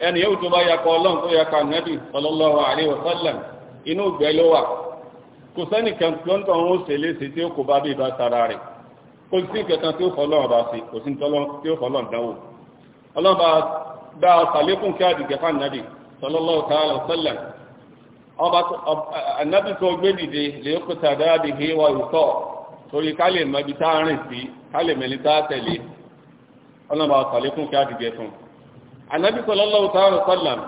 ẹni yóò tó bá yakọ ọlọ́run tó yakọ ànábì sallallahu alaihi wasallam inú ìgbẹ́ ló wà kò sẹ́nì kan tó ń tọ̀run ó ṣe léṣe tí ó kò bá bí ìbá tara rẹ̀ kò sí torí ká lè mọ ibi tá rìn sí ká lè mẹ́ni tẹ̀lé ọlọ́run bá ọ̀sàlékún kí àdìgẹ́ fún ànábì sallallahu ta'ala sallam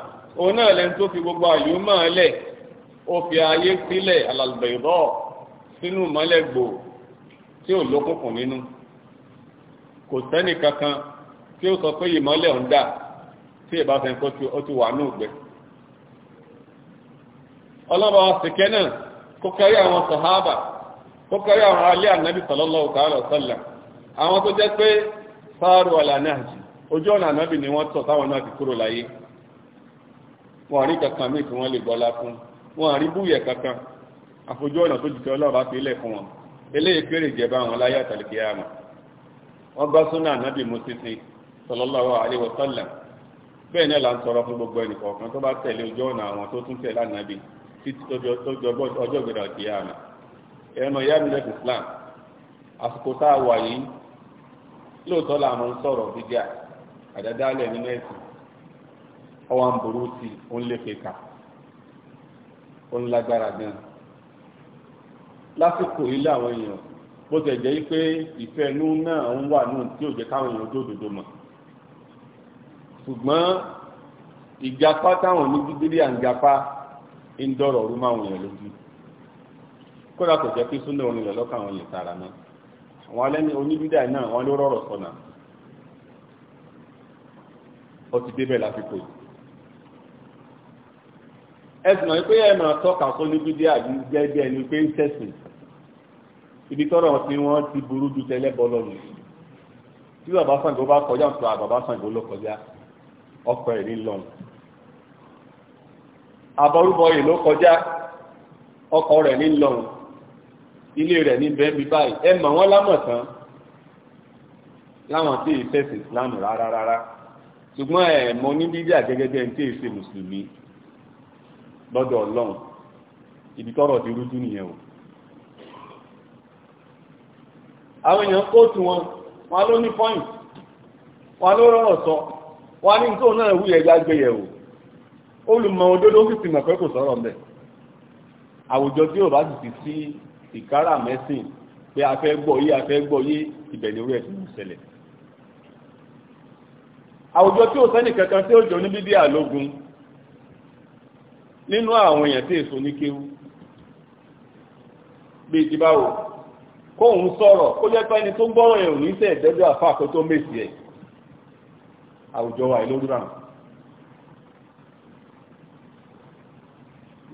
òun náà lẹ́nu tó fi gbogbo àyè máa lẹ̀ ó fi ayé sílẹ̀ alàlùbẹ̀rọ̀ sínú mọ́lẹ́gbò tí ò lókùnkùn nínú kò sẹ́ni kankan tí ó sọ pé ìmọ́lẹ̀ ń dà tí ìbá fẹ́ kó tí ó ti wà ní ògbẹ́ ọlọ́ba ọ̀sìnkẹ́ náà kó kárí àwọn sàhábà kó kárí àwọn alẹ́ ànábì sallallahu ta'ala sallam àwọn tó jẹ́ pé sáàrù àlànáàjì ojú ọ̀nà ànábì ni wọ́n tọ̀ táwọn náà ti kúrò láyé wọn àrí kankan míì tí wọ́n lè gbọ́lá fún wọn àrí búyẹ̀ kankan àfojú ọ̀nà tó jùkẹ́ ọlọ́ọ̀bá fi ilẹ̀ fún wọn eléyìí kéré jẹba àwọn láyé àtàlùkì àmà wọ́n gbá súnà ànábì mú títí sallallahu alaihi wasallam bẹ́ẹ̀ náà là ń sọ̀rọ̀ fún gbogbo ẹnì kọ̀ọ̀kan tó bá tẹ̀lé ojú ọ̀nà àwọn tó tún tẹ̀lé àdádálẹ̀ nínú ẹ̀sìn ọwọ́ ń burú sí i ó ń lé kẹka ó ń lágbára gan lásìkò ilé àwọn èèyàn bó tẹ̀ jẹ́ pé ìfẹ́ inú náà ń wà nù tí ò jẹ́ káwọn èèyàn tó òdòdó mọ̀ ṣùgbọ́n ìjapá táwọn ní bíbélì à ń dọ̀rọ̀ ọ̀rú máwọn èèyàn lójú kódà kò jẹ́ pé súnà orin lọ́kàn àwọn èèyàn tààrà náà àwọn alẹ́ni oníbídà náà wọ́n ló rọ̀rọ̀ sọ̀nà ó ti débẹ̀ lásìkò yìí ẹ̀sùn náà pé ẹ̀ máa tọ́ka sọ ní bídí àbí gẹ́gẹ́ ẹni pé ń tẹ̀sìn ibi tọ́rọ̀ tí wọ́n ti burú ju tẹ́lẹ́bọ lọ́nu tí bàbá Ṣàngó bá kọjá ń sọ àbàbá Ṣàngó ló kọjá ọkọ̀ ẹ̀rí lọ́nu àbọrúbọyè ló kọjá ọkọ̀ rẹ̀ ní lọ́nu ilé rẹ̀ ní bẹ́ẹ̀bí báyìí ẹ mọ̀ wọ́n lámọ̀ tán láwọn tí ì tẹ̀sìn Islam rárá rárá ṣùgbọ́n ẹ̀ mọ ní bíbí àgẹ́gẹ́ bí ẹni tí èsè mùsùlùmí lọ́dọ̀ ọlọ́run ibi tọ́rọ̀ ti rújú nìyẹn o àwọn èèyàn kóòtù wọn wọn ló ní pọ́ìntì wọn ló rọrọ̀ sọ wọn ní nítorí náà wúyẹ̀ gbàgbéyẹ̀wò olùmọ̀ òdodo ó sì ti mọ̀ pé kò sọ̀rọ̀ mbẹ̀ àwùjọ tí ò bá sì ti sí ìkárà mẹ́sìn pé a fẹ́ gbọ́ yé a fẹ́ gbọ́ yé ibẹ̀ orí ẹ̀ ti àwùjọ tí ò sẹ́nì kankan tí ó jọ ní bíbí àlógún nínú àwọn èèyàn tí èso ní kéwú bí i ti báwo kóhun sọ̀rọ̀ kó jẹ́ pé tó gbọ́rọ̀ ẹ̀ ò ní sẹ́ ìdẹ́jọ́ àfa àkótó mèsì ẹ̀ àwùjọ wa ìlú ràn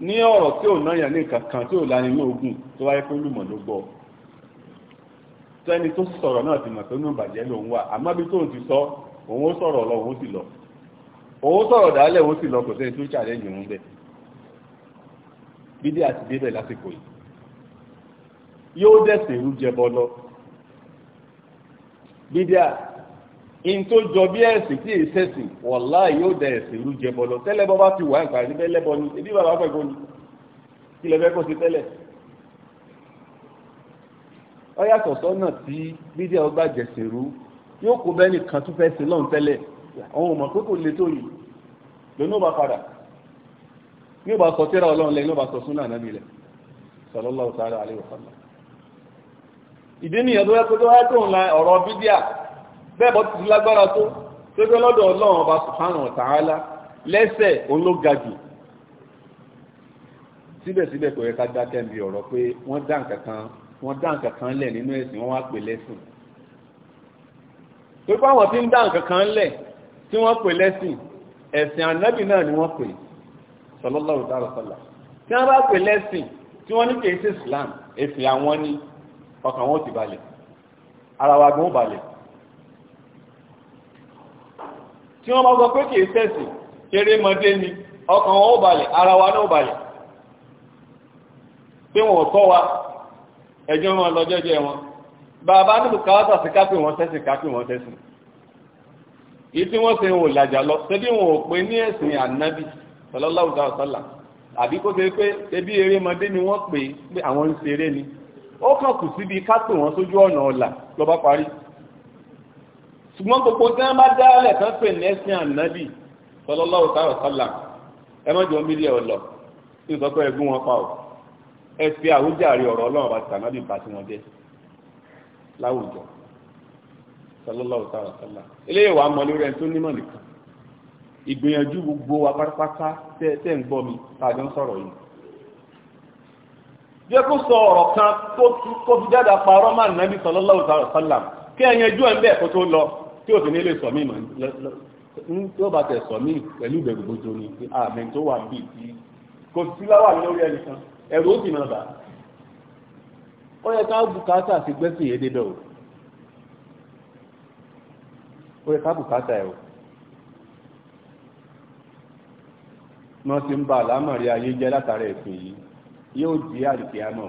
ní ọ̀rọ̀ tí ò náyà ní kankan tí ò lani ní ogun tó wáyé kó lùmọ̀ ló gbọ́ tẹ́ni tó sọ̀rọ̀ náà ti mọ̀ pé ní ìbàjẹ́ lòun wà àmọ́ bí tóun ti sọ òun ó sọ̀rọ̀ lọ òun ó sì lọ òun ó sọ̀rọ̀ dálẹ̀ òun ó sì lọ kò sẹ́ni tó challenge òun bẹ́ẹ̀ bídí àti débẹ̀ lásìkò yìí yóò dẹ̀sẹ̀ ìrú jẹbọ lọ bídí à in tó jọ bí ẹ̀sìn tí ìṣẹ̀sìn wọ̀lá yóò dẹ̀sẹ̀ ìrú jẹbọ lọ tẹ́lẹ̀ bọ́ bá ti wà nípa níbẹ̀ lẹ́bọ ni ebí bàbá pẹ̀gbọ́n ni kí lẹ fẹ́ kó sí tẹ́lẹ̀ ọ yàtọ̀ sọ́nà tí bídí à ó gbà yóò kó bẹ́ẹ̀ nìkan tó fẹ́ sí lọ́n tẹ́lẹ̀ àwọn ọmọ pé kò lè tó yìí lónà ó bá padà ní ó bá sọ tírà ọlọ́run lẹ́yìn ó bá sọ súnà náà nílẹ̀ sallallahu ta'ala alaihi wasallam ìdí nìyẹn tó yẹ pé tó wáyé tó ń la ọ̀rọ̀ bídíà bẹ́ẹ̀ bọ́ ti lágbára tó tó gbé lọ́dọ̀ ọlọ́run ọba subhanahu wa ta'ala lẹ́sẹ̀ òun ló ga jù síbẹ̀síbẹ̀ kò yẹ ká dákẹ́ bí ọ̀rọ̀ pé wọ́n dá nǹkan kan wọ́n dá nǹkan kan lẹ̀ nínú ẹ̀sìn wọ́n wá pè lẹ́sìn tó pé àwọn tí ń dá nǹkan kan lẹ̀ tí wọ́n pè lẹ́sìn ẹ̀sìn ànábì náà ni wọ́n pè sallallahu ta'ala sallam tí wọ́n bá pè lẹ́sìn tí wọ́n ní kì í sí Islam èsì àwọn ní ọkàn wọn ò ti balẹ̀ ara wa gan ó balẹ̀ tí wọ́n bá sọ pé kì í sẹ́sìn kéré mọdé ni ọkàn wọn ó balẹ̀ ara wa náà ó balẹ̀ pé wọn ò tọ́ wa ẹjọ́ wọn lọ jẹ́jẹ́ wọn bàbá ní bùkátà sí kápé wọn sẹ́sìn kápé wọn sẹ́sìn èyí tí wọ́n ṣe wọn làjà lọ ṣebí wọn ò pé ní ẹ̀sìn ànábì sallallahu alaihi wasallam àbí kó ṣe pé ṣebí erémọdé ni wọ́n pè pé àwọn ń ṣeré ni ó kàn kù síbi kápé wọn sójú ọ̀nà ọ̀là ló bá parí ṣùgbọ́n gbogbo tí wọ́n bá dálẹ̀ tán pè ní ẹ̀sìn ànábì sallallahu alaihi wasallam ẹ mọ́jọ mílíọ̀ ọ̀lọ́ ní ìsọ́kọ̀ ẹ̀gún wọn pa ọ̀ ẹ fi àwùjáre ọ̀rọ̀ ọlọ́run àti ànábì bá ti wọn jẹ́ láwùjọ sallallahu ta'ala sallam eléyìí wàá mọ lórí ẹni tó nímọ̀ nìkan ìgbìyànjú gbogbo wa pátápátá tẹ́ ń gbọ́ mi tàbí ń sọ̀rọ̀ yìí jẹ́ kó sọ ọ̀rọ̀ kan tó fi jáde parọ́ máa nàbí sallallahu ta'ala sallam kí ẹ yanjú ẹ̀ ń bẹ́ẹ̀ kó tó lọ tí òfin ilé sọ mí tí ó bá tẹ̀ sọ mí pẹ̀lú ìbẹ̀rù gbogbo ni àmì tó wà bíi kò sí láwà lórí ẹnìkan ẹ̀rù ó sì máa bàa ó yẹ ká bùkátà sí gbẹ́sìn yẹn dédọ̀ o ó yẹ ká bùkátà ẹ̀ o wọ́n ti ń ba àlámọ̀rí ayé jẹ́ látara ẹ̀sìn yìí yóò di àdìkì àmọ́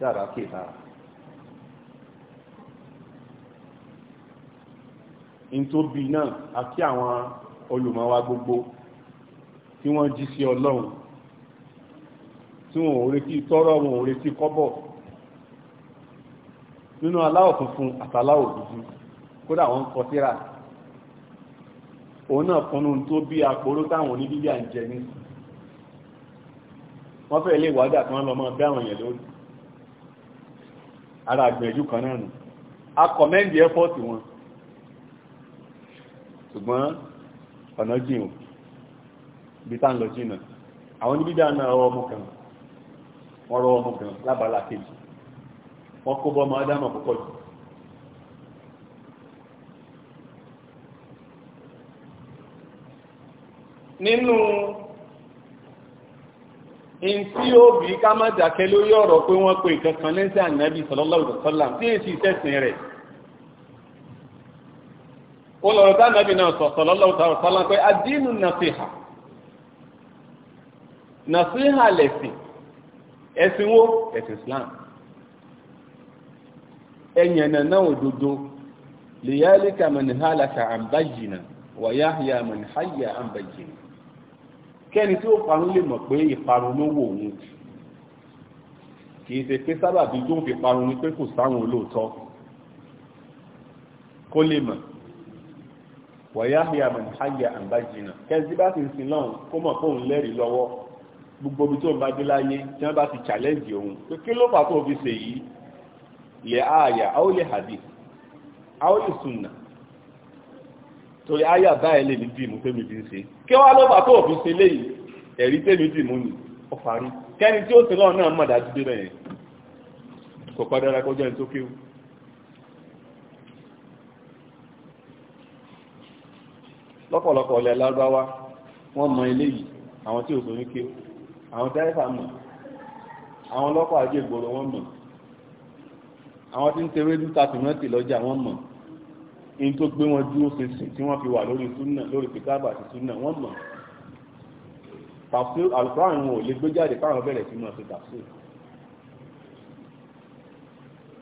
dára kéta ntóbi náà àti àwọn olùmọ̀ wa gbogbo tí wọ́n jí sí ọlọ́run tí wọn ò retí tọ́rọ̀ wọn ò retí kọ́bọ̀ nínú aláwọ̀ funfun àtàláwọ̀ dúdú kódà wọ́n kọ síra òun náà kọ́nú tó bí aporó táwọn oníbíbí à ń jẹ ní wọ́n fẹ́ ilé ìwádà kan lọ mọ́ bí àwọn èèyàn lórí ara àgbẹ̀jú kan náà nù a kọ̀mẹ́ndì ẹ́fọ́ọ̀tì wọn ṣùgbọ́n ọ̀nà jìn ò bí tá ń lọ jìnà àwọn oníbíbí àná ọmọ kan wọ́n rọ ọmọ kan lábala kejì wọ́n kó bọ́ ọmọ nínú ntí ó bí ká má dákẹ́ lórí ọ̀rọ̀ pé wọ́n pe ìkankan lẹ́sẹ̀ ànábì sallallahu alaihi wasallam tí èsì ìtẹ̀sìn rẹ̀ ó lọ́rọ̀ tá ànábì náà ẹ̀yẹ̀nà náà òdodo lèyálíkà mọ̀nì hálàkà àǹbájìnà wàyáhìá mọ̀nì háyà àǹbájìnà kẹ́ni tí ó parun lè mọ̀ pé ìparun ló wò òun kìí ṣe pé sábàbí tó ń fi parun ni pé kò sáwọn olóòótọ́ kó lè mọ̀ wàyáhìá mọ̀nì háyà àǹbájìnà kẹ́ni tí bá sì ń sin lọ́hùn kó mọ̀ pé lẹ́rìí lọ́wọ́ gbogbo ibi tó ń bá dé láyé tí wọ́n bá ti challenge òun kí ló fà tó fi ṣèyí lè àyà aw lè hadith aw lè sunna torí àyà báyìí lè ní dìmú tẹ́mi fi ń ṣe kí wá ló bá tó òfin ṣe léyìí ẹ̀rí tẹ́mi dìmú ni ó parí kẹ́ni tí ó ti lọ́ọ̀ náà mọ̀ dájú dé bẹ́ẹ̀ kò padà rà kọjá ní tó kéwù lọ́pọ̀lọpọ̀ ilẹ̀ lárúbáwá wọ́n mọ ilé àwọn tí ò sọ ní kéwù àwọn tẹ́rẹ́fà àwọn lọ́pọ̀ àjẹgbòrò wọ́n mọ̀ àwọn tí ń tewé dúta tòmọ́tì lọ́jà wọ́n mọ̀ in tó gbé wọn dúró ṣinṣin tí wọ́n fi wà lórí súnà lórí pìtàbà àti súnà wọ́n mọ̀ tafsir alukóran wọn ò lè gbé jáde káwọn bẹ̀rẹ̀ sí máa ṣe tafsir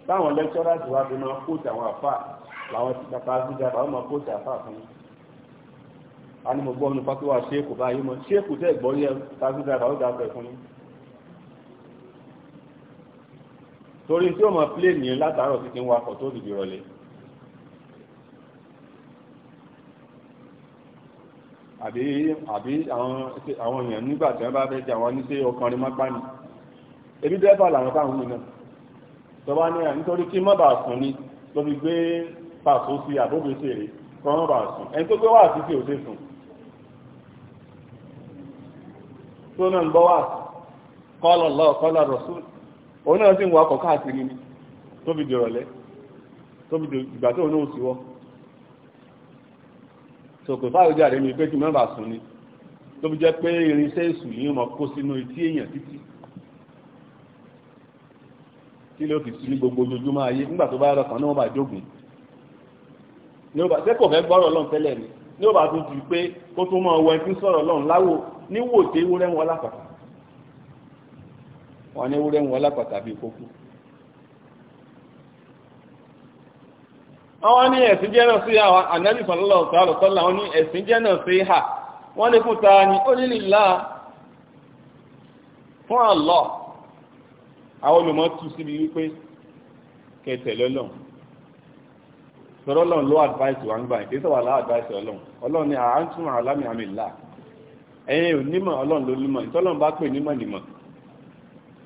táwọn lẹ́kṣọ́rà ti wá fi máa kóòtù àwọn àfà làwọn ti kàkà gíga làwọn máa kóòtù àfà fún a ní mo gbọ́ ní pátó wa ṣéèkù báyìí mọ́ ṣéèkù tẹ́ ìgbọ́ yẹ kàkà gíga làwọn dà fẹ́ fún yín torí tí ó mọ pléènì látàárọ̀ títí ń wakọ̀ tó dìbì rọlẹ̀ àbí àbí àwọn èèyàn nígbà tí wọ́n bá fẹ́ jà wọ́n ní sí ọkàn rí mọ́pá ni ebi dẹ́fà làwọn táwọn wù náà tọ́wá ní à nítorí kí mọ́bà sùn ni ló fi gbé pàṣọ sí àbóbèsè rẹ̀ kọ́ mọ́bà sùn ẹni tó gbé wà sí kí ò sí sùn tó náà ń bọ́ wà kọ́lọ̀ lọ́ọ̀ kọ́lọ̀ rọ̀sùn òun náà sì ń wakọ̀ káàkiri ni tó fi dìrọ̀lẹ́ tó fi dìgbà tó náà sí wọ́ so pè fáwọn jáde mi pé kí mẹ́bà sùn ni tó fi jẹ́ pé irinṣẹ́ èṣù yìí mọ̀ kó sínú etí èèyàn títí kí ló fi sí ní gbogbo ojoojúmọ́ ayé nígbà tó bá rọ kan náà bá jógun ní ó bá tẹ́ kò fẹ́ gbọ́rọ̀ lọ́n tẹ́lẹ̀ ni ní ó bá tún ti pé kó tún mọ́ ọwọ́ ẹni tí sọ̀rọ̀ lọ́n láwò níwò tí ewúrẹ́ lápapọ̀ wọn ní ewúrẹ́ ń wọ lápàtà bíi kókú. àwọn ní ẹ̀sìn jẹ́ náà sí àwọn ànábì sọ̀lọ́lọ́ ọ̀sọ̀lọ́ àwọn ní ẹ̀sìn jẹ́ náà sí hà wọ́n ní fún ta ni ó nílì láà fún àlọ́ àwọn olùmọ̀ tú síbi wípé kẹtẹ̀ lọ́lọ́run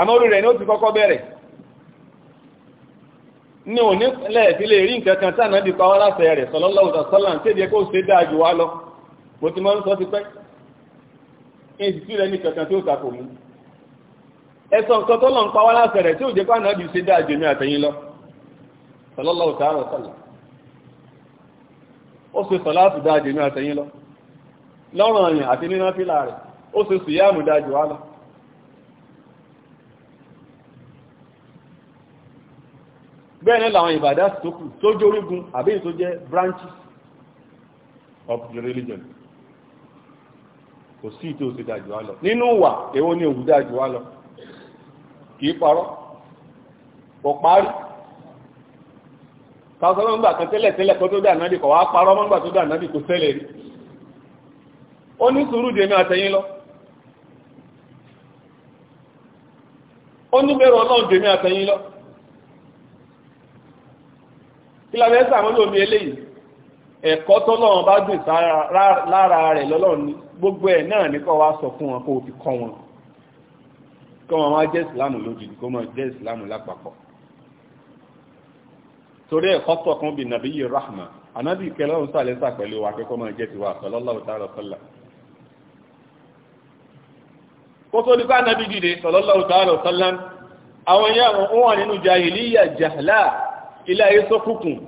àmọ́ orí rẹ̀ ni ó ti kọ́kọ́ bẹ̀rẹ̀ ní òní lẹ́ẹ̀fí lè rí nǹkan kan tánà bí pàwọ́ láti rẹ̀ sallallahu alaihi wasallam tí èdè kó ṣe dáa jù wá lọ mo ti mọ́ ń sọ ti pẹ́ èsì tí rẹ̀ ní kankan tí ó takò mú ẹ̀sọ̀ nǹkan tó lọ ń àti nínú fílà rẹ̀ ó ṣe sùyàmù dáa wá lọ bẹ́ẹ̀ náà làwọn ìbàdá tó tó jẹ́ orígun àbí tó branches of the religion kò sí ìtò òsì dájú wá lọ nínú wà èwo ni òwú dájú wá lọ kìí parọ́ kò parí káàkiri kan tẹ́lẹ̀ tẹ́lẹ̀ kó tó dà náà dì wá parọ́ mọ́gbà tó anadi náà kò ni rí ó ní sùúrù dèmi àtẹ̀yìn lọ ó ní bẹ̀rù ọlọ́run dèmi àtẹ̀yìn kílámẹ́sì àwọn olómi eléyìí ẹ̀kọ́ tọ́lọ́run bá dùn lára rẹ̀ lọ́lọ́run ní gbogbo ẹ̀ náà ní kọ́ wá sọ fún wọn kó o ti kọ́ wọn kọ́ wọn wá jẹ́ ìsìláàmù lójijì kó mọ̀ jẹ́ ìsìláàmù lápapọ̀ torí ẹ̀kọ́ tọ̀kan bí nàbí yìí rahma anábì kẹlọ́run sàlẹ́sà pẹ̀lú wa pé kọ́ mọ̀ jẹ́ tiwa sallallahu ta'ala sallam kó tó nípa nàbí dìde sallallahu ta'ala sallam àwọn yẹn wọn wà nínú jahiliya jahla ilé ayé sókùnkùn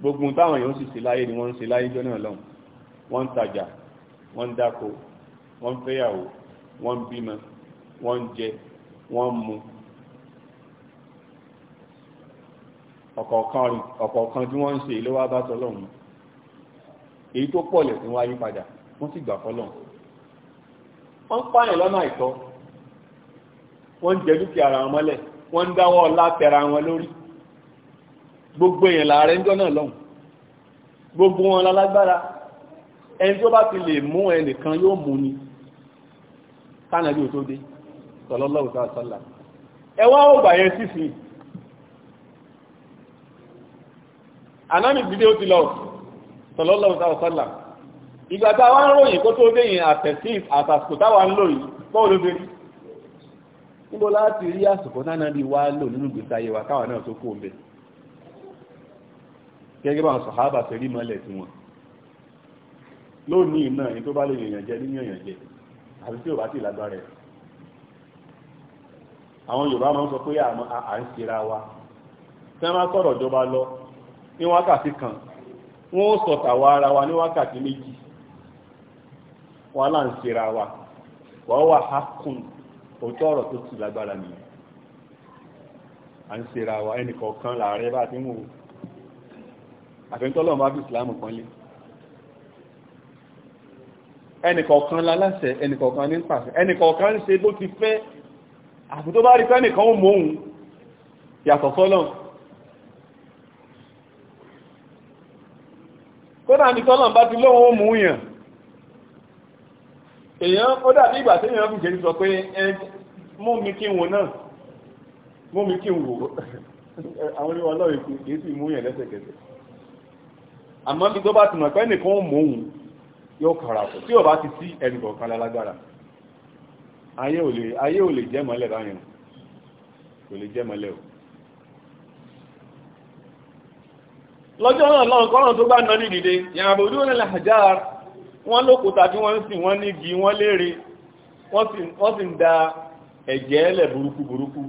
gbogbo táwọn èèyàn sì sí láyé ni wọ́n ń ṣe láyé jọ́nà lọ́hùn wọ́n ń tajà wọ́n ń dáko wọ́n ń fẹ́yàwó wọ́n ń bímọ wọ́n ń jẹ wọ́n ń mu ọ̀kọ̀ọ̀kan tí wọ́n ń ṣe ló wá bá tọ́lọ́hùn èyí tó pọ̀ lẹ̀ tí wọ́n ayé padà wọ́n sì gbà fọ́lọ́hùn wọ́n ń pààyàn lọ́nà àìtọ́ wọ́n ń jẹ dúkìá ara wọn mọ́lẹ̀ wọ́n ń dáwọ́ ọlá tẹra wọn lórí gbogbo èèyàn láàrẹ ń jọ́nà lọ́hùn gbogbo wọn lálágbára ẹni tó bá ti lè mú ẹnìkan yóò mú ni tánàbí ò tó dé sallallahu alaihi wasallam ẹwà ọgbà yẹn sísì anáni dídé ó ti lọ sallallahu alaihi wasallam ìgbà tá a wá ń ròyìn kó tó dé yìí àtẹ̀sí àtàsùkò táwa ń lò yìí bọ́ọ̀ ló dé rí níbo láti rí àsìkò tánàbí wá lò nínú ìgbésí ayé wa káwa náà tó kó ń bẹ̀rẹ̀ gẹ́gẹ́ bá sàhábà tẹ̀rí mọ́lẹ̀ tí wọn lónìí náà ní tó bá lè yẹ̀yàn jẹ nínú yẹ̀yàn jẹ àti tí ò bá ti lágbára ẹ̀ àwọn Yorùbá máa ń sọ pé à ń ṣera wa tí wọ́n máa sọ̀rọ̀ ìjọba lọ ní wákàtí kan wọ́n ó sọ tàwa ara wa ní wákàtí méjì wọn là ń ṣera wa wọ́n wà hákùn òótọ́ ọ̀rọ̀ tó ti lágbára nìyẹn à ń ṣera wa ẹnìkọ̀ọ̀kan làárẹ̀ bá ti ń àfẹ́ntọ́lọ́ bá bí ìsìlámù kan lé ẹnìkọ̀ọ̀kan láláṣẹ ẹnìkọ̀ọ̀kan ní pàṣẹ ẹnìkọ̀ọ̀kan ṣe bó ti fẹ́ àfi tó bá rí fẹ́nìkan ó mọ́hun yàtọ̀ fọ́lọ́n kódà ní tọ́lọ̀n bá ti lóhun ó mú yàn èèyàn ó dàbí ìgbà tí èèyàn fìjẹ́ sọ pé mú mi kí wò wò àwọn olówó ọlọ́rin kìí sì mú yàn lẹ́sẹ̀kẹsẹ̀ àmọ́ bí tó bá ti mọ̀ pé nìkan ó mọ̀hún yóò kàrà kù tí ò bá ti sí ẹnìkọ̀ọ̀kan lálágbára ayé ò lè ayé ò lè jẹ́ o lọ́jọ́ náà lọ́run kọ́rọ̀ tó bá nà ní dìde ìyàbò orí onílẹ̀ àjáàr wọ́n lókùtà tí wọ́n sì wọ́n nígi wọ́n léèrè wọ́n sì ń da ẹ̀jẹ̀ ẹlẹ̀ burúkú burúkú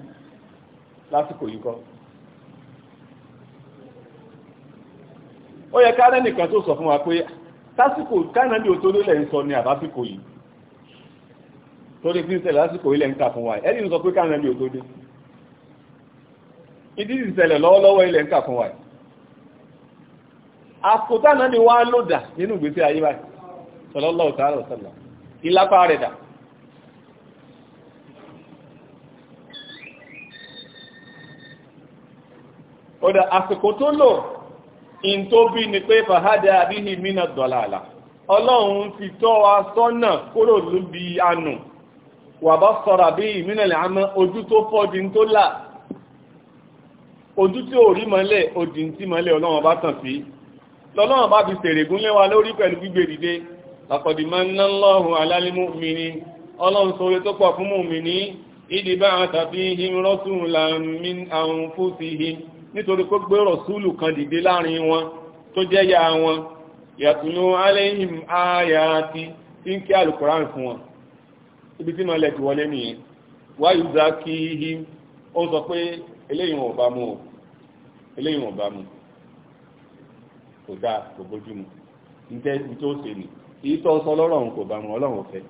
lásìkò yìí ó yẹ ká rẹ́nìkan tó sọ fún wa pé tásìkò kánàbí ò tó lélẹ̀ ń sọ ní àbásìkò yìí torí fi ń ṣẹlẹ̀ lásìkò ilẹ̀ ń kà fún wa ẹni sọ pé kánàbí ò tó dé ìdí ìṣẹ̀lẹ̀ lọ́wọ́lọ́wọ́ ilẹ̀ ń kà fún wa àkótánà ni wá lòdà nínú ìgbésí ayé báyìí sallallahu ta'ala wa sallam ìlápá rẹ̀ dà ó dà àsìkò tó lò in tó bí ni pé fàhádà àbíhì mínà dọ̀làlà ọlọ́run ti tọ́ wa sọ́nà kúrò lóbi anù wà bá sọ̀rọ̀ bí ìmínàlẹ̀ àmọ́ ojú tó fọ́dí tó là ojú tí ò rí mọ́lẹ̀ ojì tí mọ́lẹ̀ ọlọ́run bá tàn sí lọ́lọ́run bá fi sèrègún lẹ́wà lórí pẹ̀lú gbígbé dìde àkọ̀dìmọ́ ńlá lọ́rùn alálímú mi ni ọlọ́run sọ tó pọ̀ fún mi ní ìdìbà àtàfihìn rọ́sùn làmín àwọn fúsihìn nítorí kó gbé rọ̀súlù kan dìde láàrin wọn tó jẹ́ ya wọn yàtùnú aléhìm tí ń kí alùkùránì fún wọn ibi tí ma ti wọlé nìyẹn wáyù za kí ihi ó sọ pé eléyìn wọn mú kò dáa kò bójú mu nke tí ó ṣe nì èyí sọ lọ́rọ̀ kò bá mú ọlọ́run fẹ́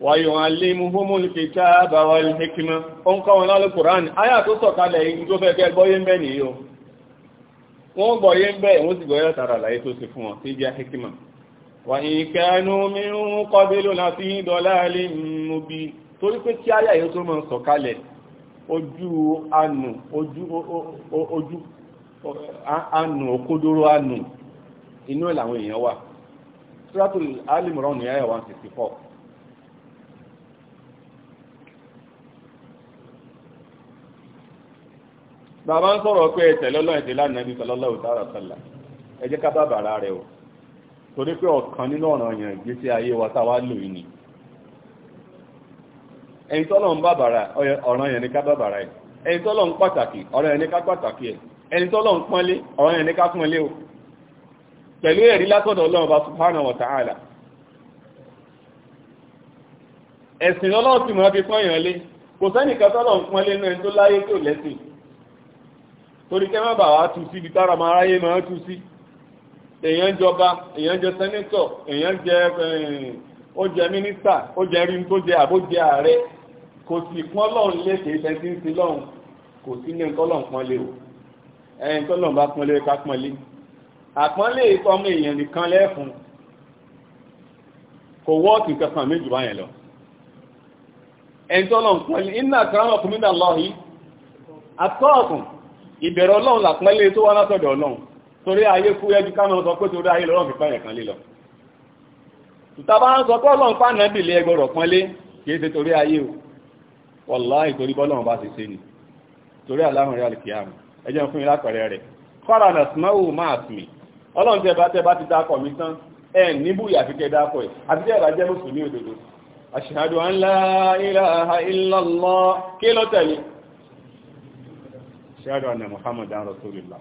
wàyùnàlímúhúmùl kìtàbà wà ìhìkìmá oun kọwọn lálẹ́ kùránì ayà tó sọ̀kalẹ̀ yìí tó fẹ́ kẹ́ gbọ́yé ń o wọ́n gbọ́yé ń bẹ wọ́n sì gbọ́yé tààrà láyé tó sì fún wọn tí jẹ́ hìkìmá wà ìkẹ́nu mìíràn kọbílò láti dọ́lá torí pé kí ayà yóò tó mọ́ sọ̀kalẹ̀ ojú anù okúdóró anù inú ẹ̀ làwọn èèyàn wà bàbá ń sọ̀rọ̀ pé ẹ̀tẹ̀ lọ́lọ́run ti lánàá ní sọlọ́lọ́ òtàrà sọ̀là ẹ rẹ̀ o torí pé ọ̀kan nínú ọ̀ràn yẹn ìgbésí ayé wa táwa lò yìí ni ẹ̀yin tọ́lọ̀ ń bàbàrà ọ̀ràn yẹn ní ká bàbàrà ẹ̀ tọ́lọ̀ ń pàtàkì o pẹ̀lú ẹ̀rí ọlọ́run torí kẹ́ má bà wá tú sí ibi tára máa ráyé máa tú sí èèyàn jọba èèyàn jẹ sẹ́nẹ́tọ̀ èèyàn jẹ eh, ó jẹ mínísítà ó jẹ rí tó jẹ àbójẹ ààrẹ kò sì pọ́n Ọlọ́run lé kèé fẹ́ntì sí lọ́run kò sí ní nǹkan Ọlọ́run pọ́n lé o ẹ̀yìn tó lọ́run bá pọ́n lé ká pọ́n lé àpọ́nlé ìtọ́mọ èèyàn nìkan lẹ́fun kò wọ́ọ̀tì kankan méjì báyẹn lọ ẹ̀yìn tó lọ́run pọ́n lé iná kan ọkùnrin náà lọ́ọ̀hí ìbẹ̀rẹ̀ ọlọ́run làpẹ́lẹ́ tó wá látọ̀dọ̀ ọlọ́run torí ayé kú ẹjú ká sọ pé torí ayé lọ́rọ̀ fífẹ́ yẹn kan lé ń sọ pé ọlọ́run fànàbì lé ẹgbọ̀rọ̀ pọ́nlé kìí ṣe torí ayé o wọ̀láì bọ́lọ́run bá ṣe torí aláhùn ṣẹ́rọ ọ̀nà Muhammad dan Rasulullah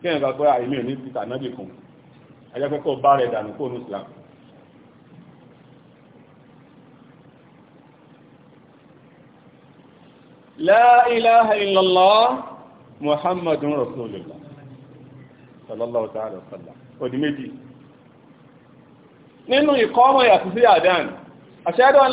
kí ẹ̀yìn gbàgbọ́ àìmí ò ní ti tànábì kan ajẹ́pẹ́ kó bá rẹ̀ dànù kó ní Islam la ilaha illallah Muhammadun Rasulullah sallallahu ta'ala wa sallam odi méjì nínú ìkọ́ ọmọ yàtọ̀ sí àdán ashhadu an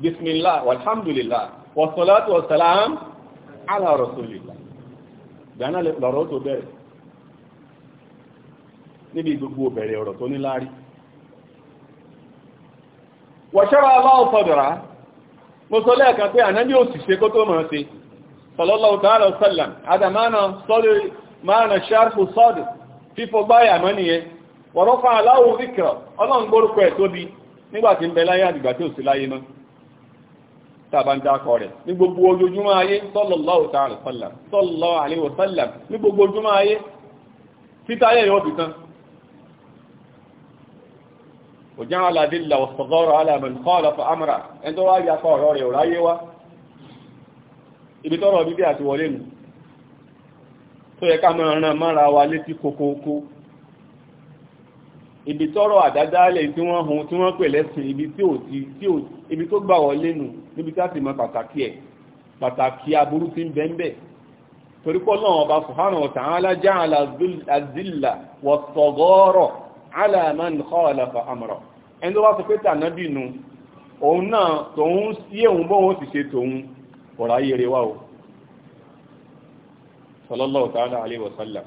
bismillah walhamdulillah wasalatu wasalam ala rasulillah gbana lọ́rọ̀ tó bẹ̀rẹ̀ níbi gbogbo bẹ̀rẹ̀ ọ̀rọ̀ tó ní lárí wọ̀ṣẹ́rọ aláwọ̀ sọ́dọ̀rá mo sọ lẹ́ẹ̀kan pé ànábí òṣìṣẹ́ kó tó mọ̀ sí sallallahu ta'ala sallam adamana sọ́dọ̀ mana sharfu sọ́dọ̀ fífọ báyà mọ́ nìyẹn wọ̀rọ̀ fún aláwọ̀ zikra ọlọ́ngbórúkọ ẹ̀ tóbi nígbàtí ń bẹ láyé àdìgbà tí ò sí láyé náà tàbá ń dákọ̀ rẹ̀ ní gbogbo ojoojúmọ́ ayé sallallahu ta'ala sallam sallallahu alaihi wa sallam ní gbogbo ojúmọ́ ayé títayé وجعل ذل والصغار على من خالف امره انت واجي اقرار rẹ̀ oraye wa ibi tọ́rọ̀ bibi àti wọlé nu ibi tọ́rọ̀ àdádálẹ̀ tí wọ́n hun tí wọ́n pè lẹ́sìn ibi tí ò ti tí ò ibi tó gbà wọ́n lẹ́nu níbi tí a ti mọ pàtàkì ẹ̀ pàtàkì aburú ti ń bẹ́ńbẹ́ torípọ̀ náà ọba subhanahu wa ta'ala ja'ala azilla wa sagara ala man khalafa amra ẹni tó bá sọ sallallahu ta'ala alayhi wa sallam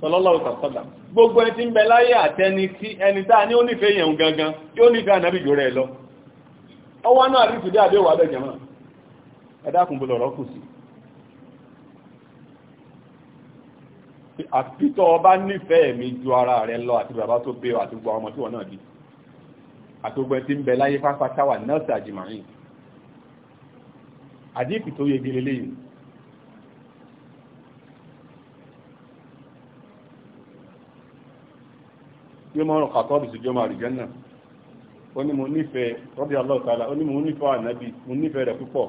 sọlọ́lọ́wọ́ sọ̀sọ́lá gbogbo ẹni tí ń bẹ láyé àtẹni tí ẹni tàà ní ó yẹn gangan tí ó nífẹ̀ẹ́ ànábì rẹ̀ lọ ọwọ́ náà rí tùdé àbẹ́wò abẹ́jẹ̀mọ́ ẹ̀dákùn rọ́kù sí àpítọ̀ ọba ju ara rẹ̀ bàbá tó bẹ́ àti tí ó mọ́ ọ̀rọ̀ kàtọ́bù sí jọmọ̀ àrìjẹ́nà ó ní mo nífẹ̀ẹ́ rọ́bí aláwọ̀tàlá ó ní mo nífẹ̀ẹ́ ànábì mo nífẹ̀ẹ́ rẹ̀ púpọ̀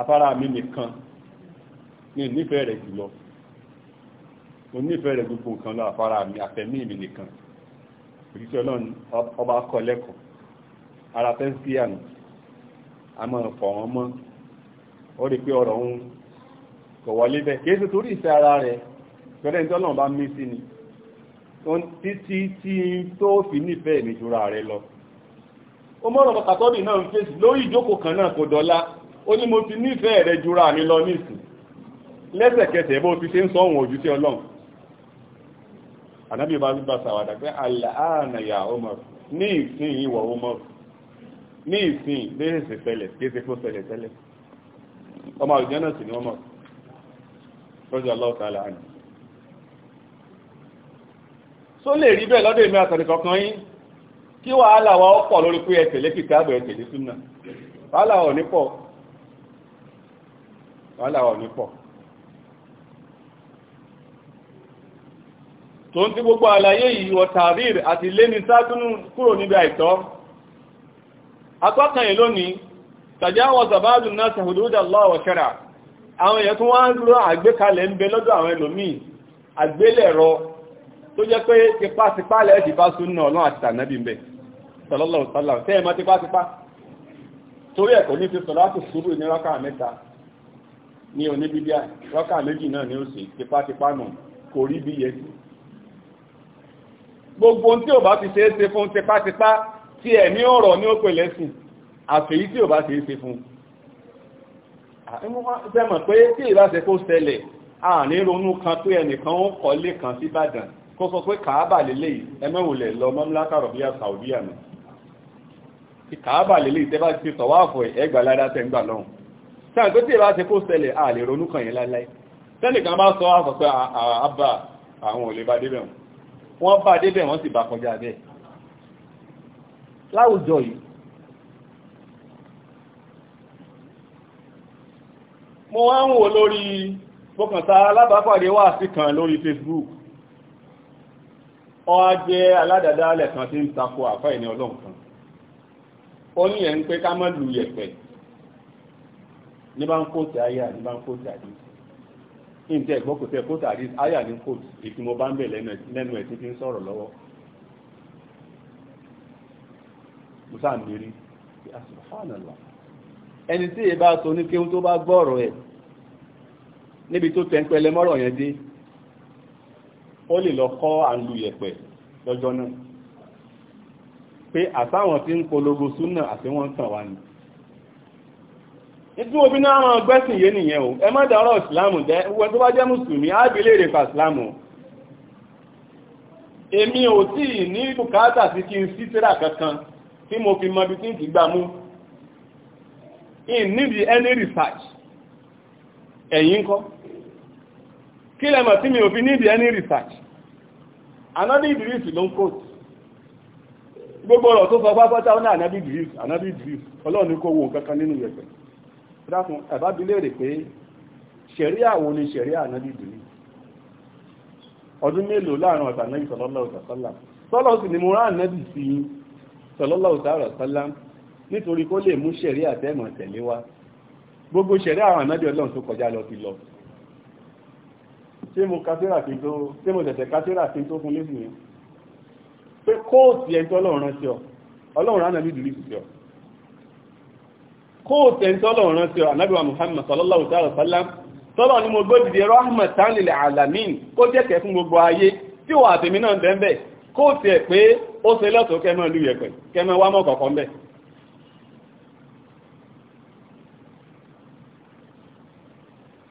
afárá mi nìkan ní nífẹ̀ẹ́ rẹ̀ jùlọ mo nífẹ̀ẹ́ rẹ̀ gbogbo nǹkan lọ afárá mi àfẹ̀mí mi nìkan òjíṣẹ́ ọlọ́run ọba kọ lẹ́kọ̀ọ́ ara fẹ́ńsíànù a máa fọ̀ wọ́n mọ́ ó rí pé ọ̀rọ̀ òun kò wọlé títí tí tó fi nífẹ̀ẹ́ mi jura rẹ lọ ó mọ̀rọ̀ pàtàkì náà ń fèsì lórí ìjókòó kan náà kò dọ́lá ní mo ti nífẹ̀ẹ́ rẹ jura mi lọ nísìn lẹ́sẹ̀kẹsẹ̀ bó fi ṣe ń sọ ojú sí ọlọ́run ọmọ náà tó lè rí bẹ́ẹ̀ lọ́dọ̀ èmi àtàríkọ̀ kan yín kí wàhálà wa ó pọ̀ lórí pé ẹ tẹ̀lé kìtàbù ẹ tẹ̀lé súnà wàhálà wa ò ní pọ̀ wàhálà wa ò ní pọ̀ tó ń tí gbogbo àlàyé yìí wọ tààrír àti lẹ́ni sáàtúnú kúrò níbi àìtọ́ apákan èlò tàjáwọ̀ sàbáàdùn náà sàhùdúdà lọ́wọ́ ṣẹ́ra àwọn èèyàn tó wá ń rọ àgbékalẹ̀ ń bẹ lọ́dọ̀ àwọn ẹlòmíì àgbélẹ̀rọ tó jẹ́ pé tipátipá lẹ́ẹ̀ ti bá súnà ọlọ́run àti tànàbí sallallahu sallam tẹ́ ẹ mọ́ tipátipá torí ẹ̀kọ́ ní fi sọ̀rọ̀ ṣubú ní rọ́kà mẹ́ta ní oníbídíà rọ́kà méjì náà ni ó sì tipátipá nù kò rí bí yẹ sí gbogbo tí ò bá ti ṣe é ṣe fún tipátipá tí ẹ̀ ní ọ̀rọ̀ ní ó pè bá ṣe é ṣe fún ṣe mọ̀ kó sọ pé kàábà lélẹ̀ ẹmẹ́wòlẹ̀ lọ mọ́mílákà rọ̀bíyà sàúdíyà mi ti kàábà lélẹ̀ ìtẹ́bá ti sọ̀wá àfọ̀ ẹgbà ládá tẹ́ ń gbà lọ́hùn sáà tó tí ìbá ti kó ṣẹlẹ̀ a lè ronú kàn yín láíláí tẹ́nìkan bá sọ àfọ̀ pé àbá àwọn ò lè bá débẹ̀ wọ́n bá débẹ̀ wọ́n sì bá kọjá bẹ́ẹ̀ láwùjọ mo wá ń wò lórí gbọ́kànsá alábàápàdé wà sí kan lórí Facebook ọwá jẹ́ aládàdálẹ̀ kan tí ń tako àfá ìní ọlọ́nkan ó ní ẹ̀ ń pé ká mọ́ lu yẹ̀pẹ̀ ní bá ń kóòtù ayé ní bá ń kóòtù àdí ní tẹ́ tẹ́ kóòtù àdí bá ń bẹ̀ lẹ́nu ẹ̀ tí ń sọ̀rọ̀ lọ́wọ́ musa mìírí ẹni tí bá so ní tó bá gbọ́ ọ̀rọ̀ ẹ̀ níbi tó tẹ́ ń pẹlẹ mọ́rọ̀ yẹn ó lè lọ kọ́ àlù yẹ̀pẹ̀ lọ́jọ́ náà pé àtàwọn tí ń polongo súnà àti wọ́n ń tàn wá ni nítorí obi náà wọn gbẹ́sìn yé nìyẹn o ẹ má dárọ̀ ìsìláàmù jẹ́ wọ́n tó bá jẹ́ mùsùlùmí ábílẹ̀ rẹ̀ fà ìsìláàmù èmi ò tí ì ní bùkátà sí kọ́ kí lẹ́mọ̀ tí mi ò fi need any research anábì idris ló ń kóòtù gbogbo ọ̀rọ̀ tó sọ pápátá ó ní anábì idris anábì idris ọlọ́run ní kó wo nǹkan kan nínú yẹ̀pẹ̀ dákun ẹ̀bá bi léèrè pé ṣẹ̀ríà wo ni ṣẹ̀ríà anábì idris ọdún mélòó láàrin ọ̀tà náà sallallahu sàlá sọ́lọ́ sì ni mo rán anábì sí sallallahu sàlá nítorí kó lè mú ṣé mo kásírà kí tó ṣé mo tẹ̀tẹ̀ kásírà kí tó fún lẹ́sìn yẹn pé kóòtù ẹni tó ọlọ́run rántí ọ ọlọ́run rán nàbí ìdílé sí ọ kóòtù ẹni tó ọlọ́run rántí ọ anábìwá Muhammad sallallahu ta'ala sallam tọ́lọ̀ ni mo gbé dìde rahmatan lil alamin kó jẹ́ kẹ́ fún gbogbo ayé tí wà àtẹ̀mí náà bẹ́ẹ̀ bẹ́ẹ̀ kóòtù ẹ̀ pé ó ṣe lọ́tọ̀ kẹ́mọ́ lu yẹ̀pẹ̀ kẹ́mọ́ wá mọ́ kọ̀ọ̀kan bẹ́ẹ̀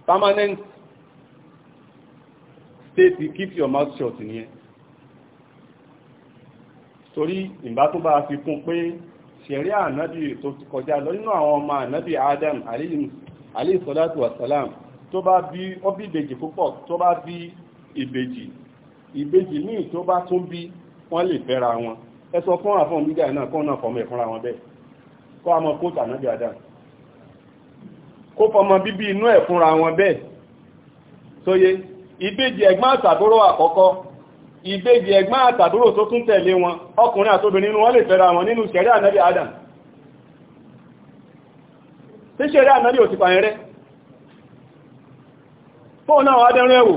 permanent state keep your mouth shut nìyẹn torí ìgbà tó bá fi kún pé ṣẹ̀rí ànábì tó kọjá lọ nínú àwọn ọmọ ànábì Adam aléìsọ́látù wasalam tó bá bí ó bí ìbejì púpọ̀ tó bá bí ìbejì ìbejì míì tó bá tún bí wọ́n lè fẹ́ra wọn ẹ sọ fún àfọ́n gbígbà náà kọ́ náà fọmọ ẹ̀fúnra wọn bẹ́ẹ̀ kọ́ àmọ́ kóòtù ànábì Adam kó fọmọ bíbí inú ẹ̀fúnra wọn bẹ́ẹ̀ sóyé ìbejì ẹ̀gbọ́n àtàbúrò àkọ́kọ́ ìbejì ẹ̀gbọ́n àtàbúrò tó tún tẹ̀lé wọn ọkùnrin àtobìnrin nínú wọn lè fẹ́ra wọn nínú ṣẹ̀rí ànábì adam tí ò ti pààyàn rẹ́ fóòn náà ẹ̀wò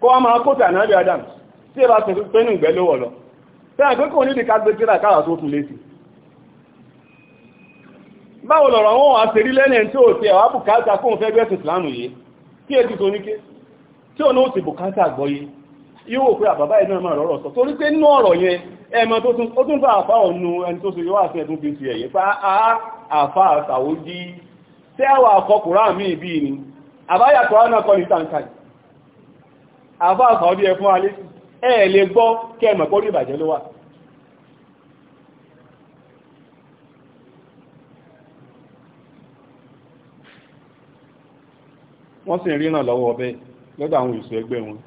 kó wá máa adam tí ẹ bá tún pẹ́nu ìgbẹ́ ló lọ báwo lọ̀rọ̀ wọn wà sí rí lẹ́nìí tí ti ẹ̀wà bùkátà ìsìlámù yìí kí tí ọ̀nà ó sì bùkátà gbọ́yé yóò pé àbàbá ẹ̀ náà rọ̀rọ̀ sọ torí pé nínú ọ̀rọ̀ yẹn ẹmọ tó tún fà àfá ọ̀nu ẹni tó sojú wà fún ẹ̀dún fi ti ẹ̀yẹ wà wọ́n sì lọ́wọ́ bẹ́ẹ̀ lọ́dọ̀ àwọn èso ẹgbẹ́ wọn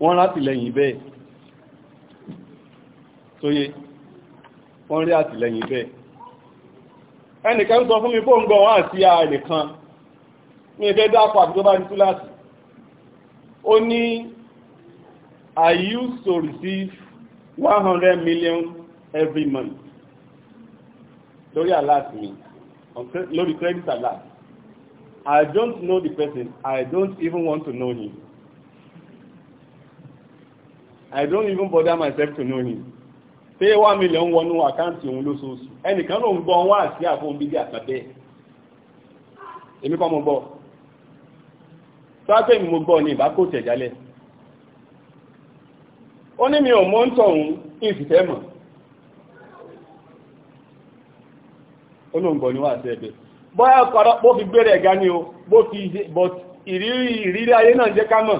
wọ́n látìlẹ́yìn bẹ́ẹ̀ tóyé wọ́n rí àtìlẹ́yìn bẹ́ẹ̀ ẹnìkan sọ fún mi fóun gan wọ́n àti ààrẹ kan ní ẹgbẹ́ dápọ̀ àti tó bá ní túláàsì ó ní I used to receive 100 million every month lórí alert mi lórí credit alert I don't know the person. I don't even want to know him. I don't even bother myself to know him. Ṣé wá mílíọ̀ ń wọnú àkáǹtì òun lóṣooṣù? Ẹnìkan ló ń gbọ́ wá sí àfún bíbí àtàbẹ́. Èmi kọ́ mo gbọ́. Sáàpẹ́ mi mo gbọ́ ni ìbá kò tẹ̀ jálẹ̀. Ó ní mi ò mọ̀ ń tọ̀hún kí n sì fẹ́ mọ̀. Ó lóun gbọ́ ni wá sí ẹgbẹ́ bóyá padà bó fi gbé rẹ̀ ga ni o bó fi but ìrírí ìrírí ayé náà jẹ́ ká mọ̀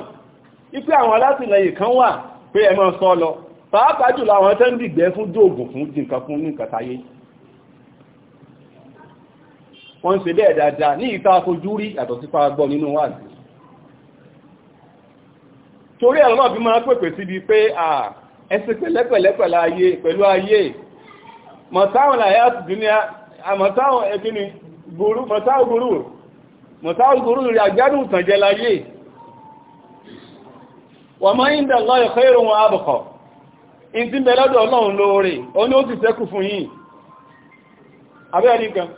ipé àwọn alátìlẹyìn kan wà pé ẹ máa sọ lọ pàápàá jùlọ àwọn tẹ́ ń dìgbẹ́ fún dóògùn fún dìǹkan fún ní nǹkan táyé wọ́n ń ṣe bẹ́ẹ̀ dáadáa ní ìta fojú rí yàtọ̀ sí faragbọ́ nínú wáàzì torí ẹ̀rọ náà fi máa pèpè síbi pé à ẹsẹ̀ pẹ̀lẹ́pẹ̀lẹ́pẹ̀lẹ́ ayé pẹ̀lú ayé mọ̀táwọn àyà àtìdúnìyà àmọ̀táwọn ẹgbẹ́ni mọ̀táù gúrù mọ̀táù rí àgbádùn tànjẹ láyé wà máa ń dà lọ́yọ̀ kẹ́rùn wọn àbùkọ̀ in ti bẹ̀lọ́dọ̀ ọlọ́run lóore ó ní ó ti sẹ́kù fún yìí abẹ́ẹ̀nìkan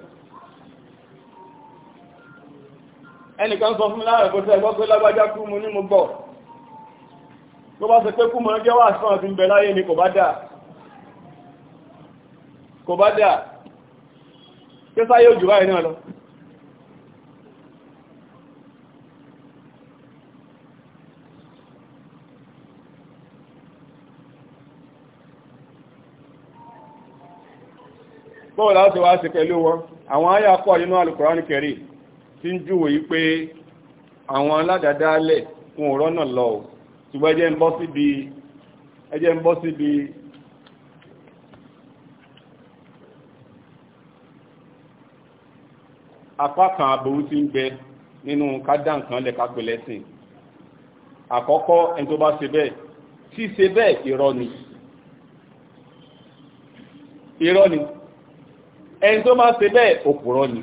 ẹnìkan sọ fún láàrẹ̀ ni kò bá ṣé sáyé òjò báyìí náà lọ bọ́ọ̀ láti wá sí pẹ̀lú wọn àwọn ayà pọ̀ nínú alùkùránì kẹrì tí ń júwò yí pé àwọn aládàdálẹ̀ fún eje lọ ṣùgbọ́n apá kan aburú ti ń bẹ nínú kádà nǹkan lẹ́ka pẹ̀lẹ́sìn àkọ́kọ́ ẹni tó bá ṣe bẹ́ẹ̀ tí ṣe bẹ́ẹ̀ irọ́ ni irọ́ ni ẹni tó bá ṣe bẹ́ẹ̀ òpùrọ́ ni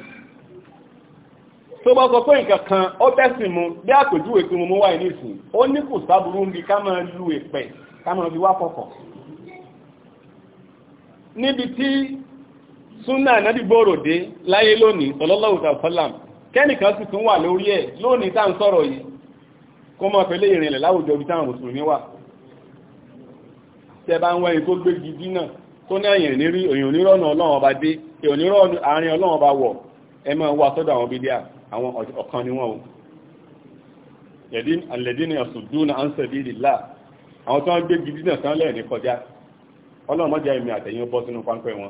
tó bá sọ pé nǹkan kan ó tẹ́sìn mu bí àpèjúwe tí mo mú wáyé nìsín ó ní kò sáburú ń bi ká máa lu èpẹ̀ ká máa fi wá kọ̀kọ̀ níbi tí súnà ànábì gbòòrò dé láyé lónìí sallallahu alaihi wasallam kẹ́nìkan sì tún wà lórí ẹ̀ lónìí tá à ń sọ̀rọ̀ yìí kó mọ́ fẹ́lẹ́ ìrìnlẹ̀ láwùjọ ibi táwọn mùsùlùmí wà tẹ́ bá ń wẹ́yìn tó gbé gidi náà tó ní àyàn ní rí èyàn onírọ̀nà ọlọ́run ọba dé èyàn ẹ̀mí àtẹ̀yìn bọ́ sínú páńpẹ́ wọn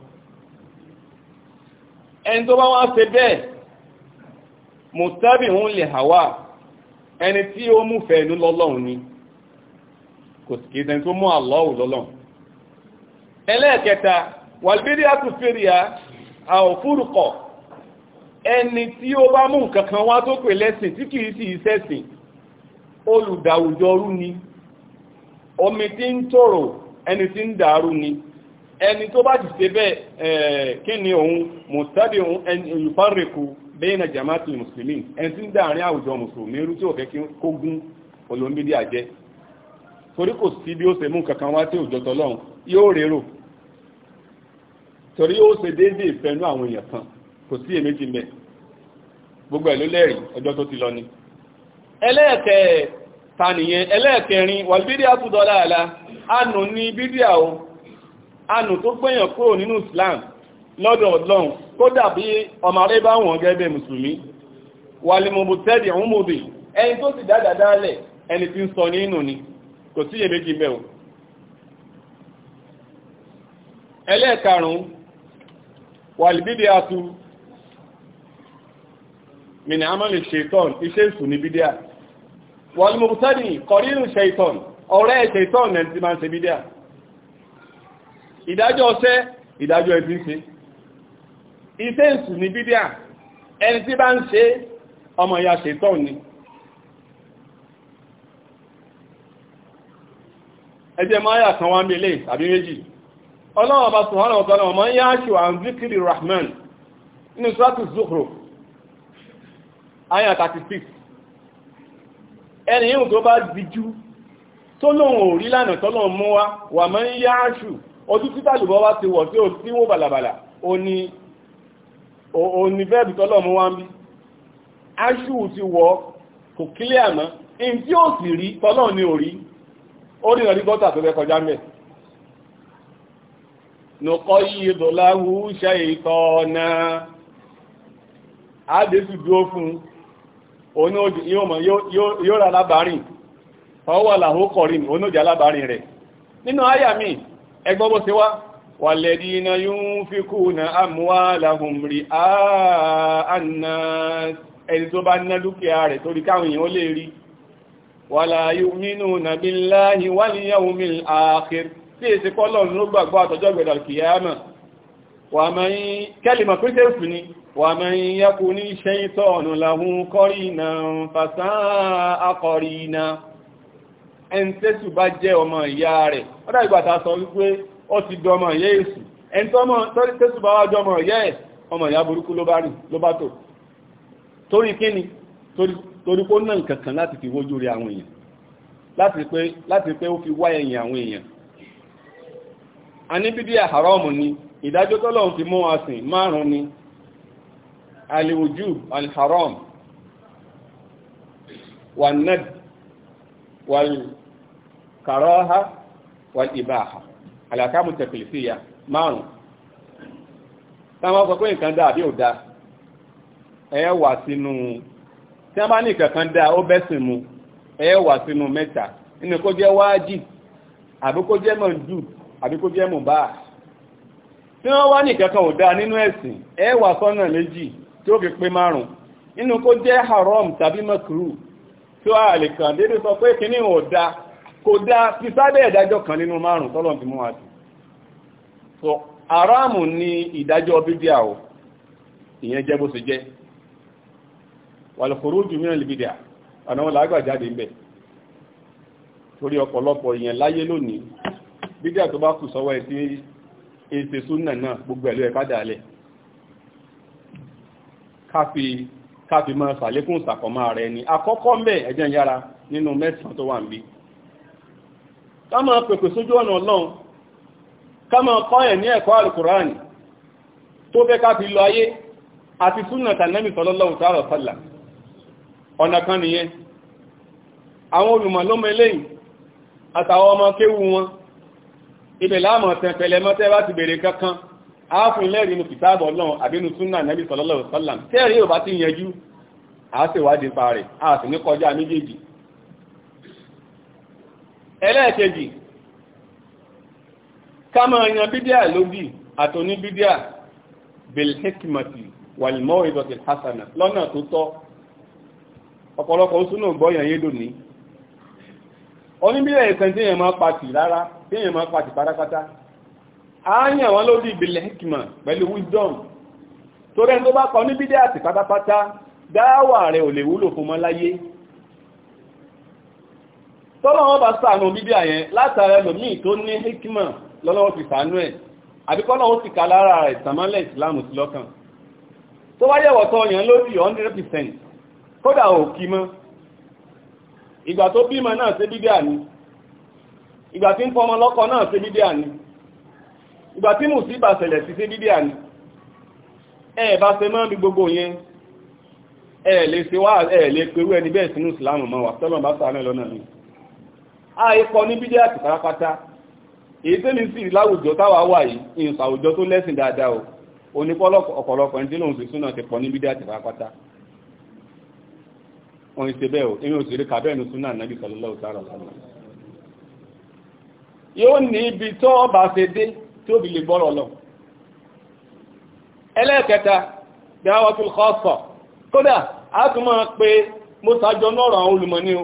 ẹni tó bá wá ṣe bẹ́ẹ̀ mùtábì ń lè hàwà ẹni tí ó mú fẹ̀ẹ́nú lọ́lọ́run ni kò sì kìí sẹni tó mú àlọ́wù lọ́lọ́run ẹlẹ́ẹ̀kẹta wàlbídí àtúfèrìà àòfúrùkọ̀ ẹni tí ó bá omi ń tòrò ẹni tí ń ẹni tó bá ti ṣe bẹ́ẹ̀ kí ni òun mùsàbí òun olùfárẹ̀kù bẹ́ẹ̀nà jamaatul musulmi ẹni tí ń dáàrin àwùjọ musulmi rú tí ó fẹ́ kí kó gún torí kò sí bí ó se mú kankan wá tí òjò tọlọ́run yóò torí se déédé ìfẹ́nú àwọn èèyàn kan kò sí èméjì mẹ́ gbogbo ẹ̀ ló ọjọ́ ni ẹlẹ́ẹ̀kẹ́ ta nìyẹn ẹlẹ́ẹ̀kẹrin wàlbídíà dọ́là àlá anù tó gbẹ̀yàn kúrò nínú Islam lọ́dọ̀ Ọlọ́run kó dàbí ọmọ rẹ̀ bá wọn gẹ́gẹ́ mùsùlùmí wàlìmọ̀bù tẹ́dì ọ̀hún mòbì ẹni tó sì dáadáa dálẹ̀ ẹni tí ń sọ nínú ni kò sí iyèméjì bẹ́ẹ̀ o ẹlẹ́ẹ̀karùn-ún wàlìbídé atu mìnà amọ́lè ṣeitọ́n iṣẹ́ ìsù ní bídíà wàlìmọ̀bù tẹ́dì kọ̀rínù ṣeitọ́n ọ̀rẹ́ ṣeitọ́n nẹ̀ ìdájọ́ ọṣẹ́ ìdájọ́ ẹbí ṣe iṣẹ́ ìsù ní bídíà ẹni tí bá ń ṣe ọmọ ìyá ṣètọ́n ni ẹjẹ́ máa yà kan wá mélé àbí méjì ọlọ́wọ́ bá sùhánà ọmọ yá rahman nínú sọ́tù zukhruf ayà 36 ẹni yíò tó bá dijú tó lóhun òrí lánà ojú títà lùbọ́ wá ti wọ̀ tí ó tí wọ́n bàlàbàlà o ní bẹ́ẹ̀bì tọ́lọ̀ mú wá ń bí aṣù ti wọ́ kò kílẹ̀ àmọ́ in tí ó sì rí tọ́lọ̀ ní orí ó rí ìrọ̀lí gọ́tà tó fẹ́ kọjá mẹ́ nùkọ́ yìí dọ̀láwù ṣe ìtọ́ náà àdésù dúó fún oní yóò rà lábàárìn ọwọ́ làhókọ̀rin oní òjà lábàárìn rẹ̀ nínú àyà míì ẹgbọ́bọ́ sí wá wàlẹ̀dínà yóò fi kú na àmúwà làhùnmùrí àánà ẹni tó bá ná dúkìá rẹ̀ torí káwọn èèyàn lè rí wàlá yóò nínú nàbí láàáyí wà ní mẹ́yìn yẹ́kù ní ṣẹ́yìn tọ́ọ̀nù làhùn kọ́rìnà fàṣán akọ̀rìnà ẹnitẹ́sù bá jẹ́ ọmọ ìyá rẹ̀ wọ́n dàbí bàtà sọ wípé ó ti dọ ọmọ ìyá èsù ẹni tẹ́sù bá wájú ọmọ ìyá ẹ̀ ọmọ ìyá burúkú ló bá rìn ló bá tò torí kíni torí kó náà kankan láti fi wójú rí àwọn èèyàn láti pé ó fi wá ẹ̀yìn àwọn èèyàn a ní bídí àhàrọ́mù ni ìdájọ́ tọ́lọ̀ fi mú asìn márùn ni alìwòjú alìhàrọ́mù wà náà karaha wal ibaha alakamu taklifiya márùn táwọn sọ pé nǹkan dá àbí ò ọkọ ẹ wà sínú tí wọ́n bá ní kankan dá ó bẹ́sìn mu ẹ wà sínú mẹ́ta nínú kó jẹ́ wájì àbí kó jẹ́ mọ̀jú àbí kó je mọ̀bá ti wọ́n wá kankan ò n'inu nínú ẹ̀sìn wa sona leji méjì tí ó fi pé márùn nínú haram makru tí a le kàn dédé sọ pé kini ò kò dá fi sábẹ́ ìdájọ́ kan nínú márùn tọ́lọ̀ fi mú wa sí so aráàmù ni ìdájọ́ bídíà o ìyẹn jẹ́ bó ṣe jẹ́ wàlùkúrú jù mìíràn lè bídíà ọ̀nà wọn làágbà jáde ń bẹ̀ torí ọ̀pọ̀lọpọ̀ ìyẹn láyé lónìí bídíà tó bá kù sọ́wọ́ ẹ̀ sí èsè súnà náà gbogbo ẹ̀lú ẹ̀ká dàálẹ̀ káfí káfí máa sàlékún sàkọ̀mọ́ ara ẹni àkọ́kọ́ mẹ́ ẹ̀jẹ̀ yára nínú mẹ́sàn tó wà ń bí ká máa pèpè sójú ọ̀nà ọlọ́run ká máa kọ́ ẹ̀ ní ẹ̀kọ́ àlùkùránì tó fẹ́ ká fi lọ ayé àti súnà tànàmì sallallahu ta'ala wa sallam ọ̀nà kan nìyẹn àwọn olùmọ̀ ló mọ eléyìí àtàwọn ọmọ kéwú wọn ibẹ̀ láàmọ̀ tẹ̀pẹ̀lẹ̀ mọ́tẹ́ bá ti bèèrè kankan áàfin lẹ́rìí inú kìtàbọ̀ ọlọ́run ẹlẹ́ẹ̀kejì kama yan bídíà lódì àtòní bídíà bilhikmati wàlmọ́ ìdọ̀tí hasana lọ́nà tó tọ́ ọ̀pọ̀lọpọ̀ ó gbọ́yàn yé lónìí oníbílẹ̀ ìsẹ̀n tí máa pàtì rárá tí èèyàn máa pàtì pátápátá àáyàn wọn lórí ìbílẹ̀ pẹ̀lú wisdom torí tó bá kọ níbídẹ́ àti pátápátá dáwà rẹ̀ ò lè wúlò fún mọ́ láyé tọ́lọ́ wọn bá sàánú bíbí àyẹn látara ẹlòmíì tó ní hikima lọ́lọ́wọ́ fi sàánú ẹ̀ àbíkọ́lọ́ ó sì ká lára rẹ̀ tàmálẹ̀ ìsìláàmù sí lọ́kàn tó wá yẹ̀wọ̀ tọ́ yẹn lórí 100% kódà ò kí mọ́ ìgbà tó bímọ náà ṣe bíbí àní ìgbà tí ń fọmọ lọ́kọ náà ṣe bíbí àní ìgbà tí mùsíbà ṣẹlẹ̀ sí ṣe bíbí àní ẹ bá ṣe mọ́ bí gbogbo yẹn ẹ lè ṣe wá ẹ lè pẹ̀lú ẹni bẹ́ẹ̀ sínú ìsìláàmù mọ́ wà tọ́lọ̀ bá sàánú lọ́nà mi àìkọ ní bídẹ́ àti pátápátá èyí tẹ́lẹ̀ sí láwùjọ táwa wà yìí ìsà àwùjọ tó lẹ́sìn dáadáa o onípọ́lọpọ̀ ọ̀pọ̀lọpọ̀ ẹni tí lóun sì súnà ti pọ̀ ní bídẹ́ àti pátápátá orin ṣe bẹ́ẹ̀ o èmi ò sì rí kàbẹ́ẹ̀nù súnà nàbì sallallahu ta'ala yóò ní ibi tó ọba ṣe dé tó fi lè gbọ́rọ̀ lọ ẹlẹ́ẹ̀kẹta dáwọ́tul khassa kódà a tún máa pe mo sàjọ náà àwọn olùmọ̀ ní o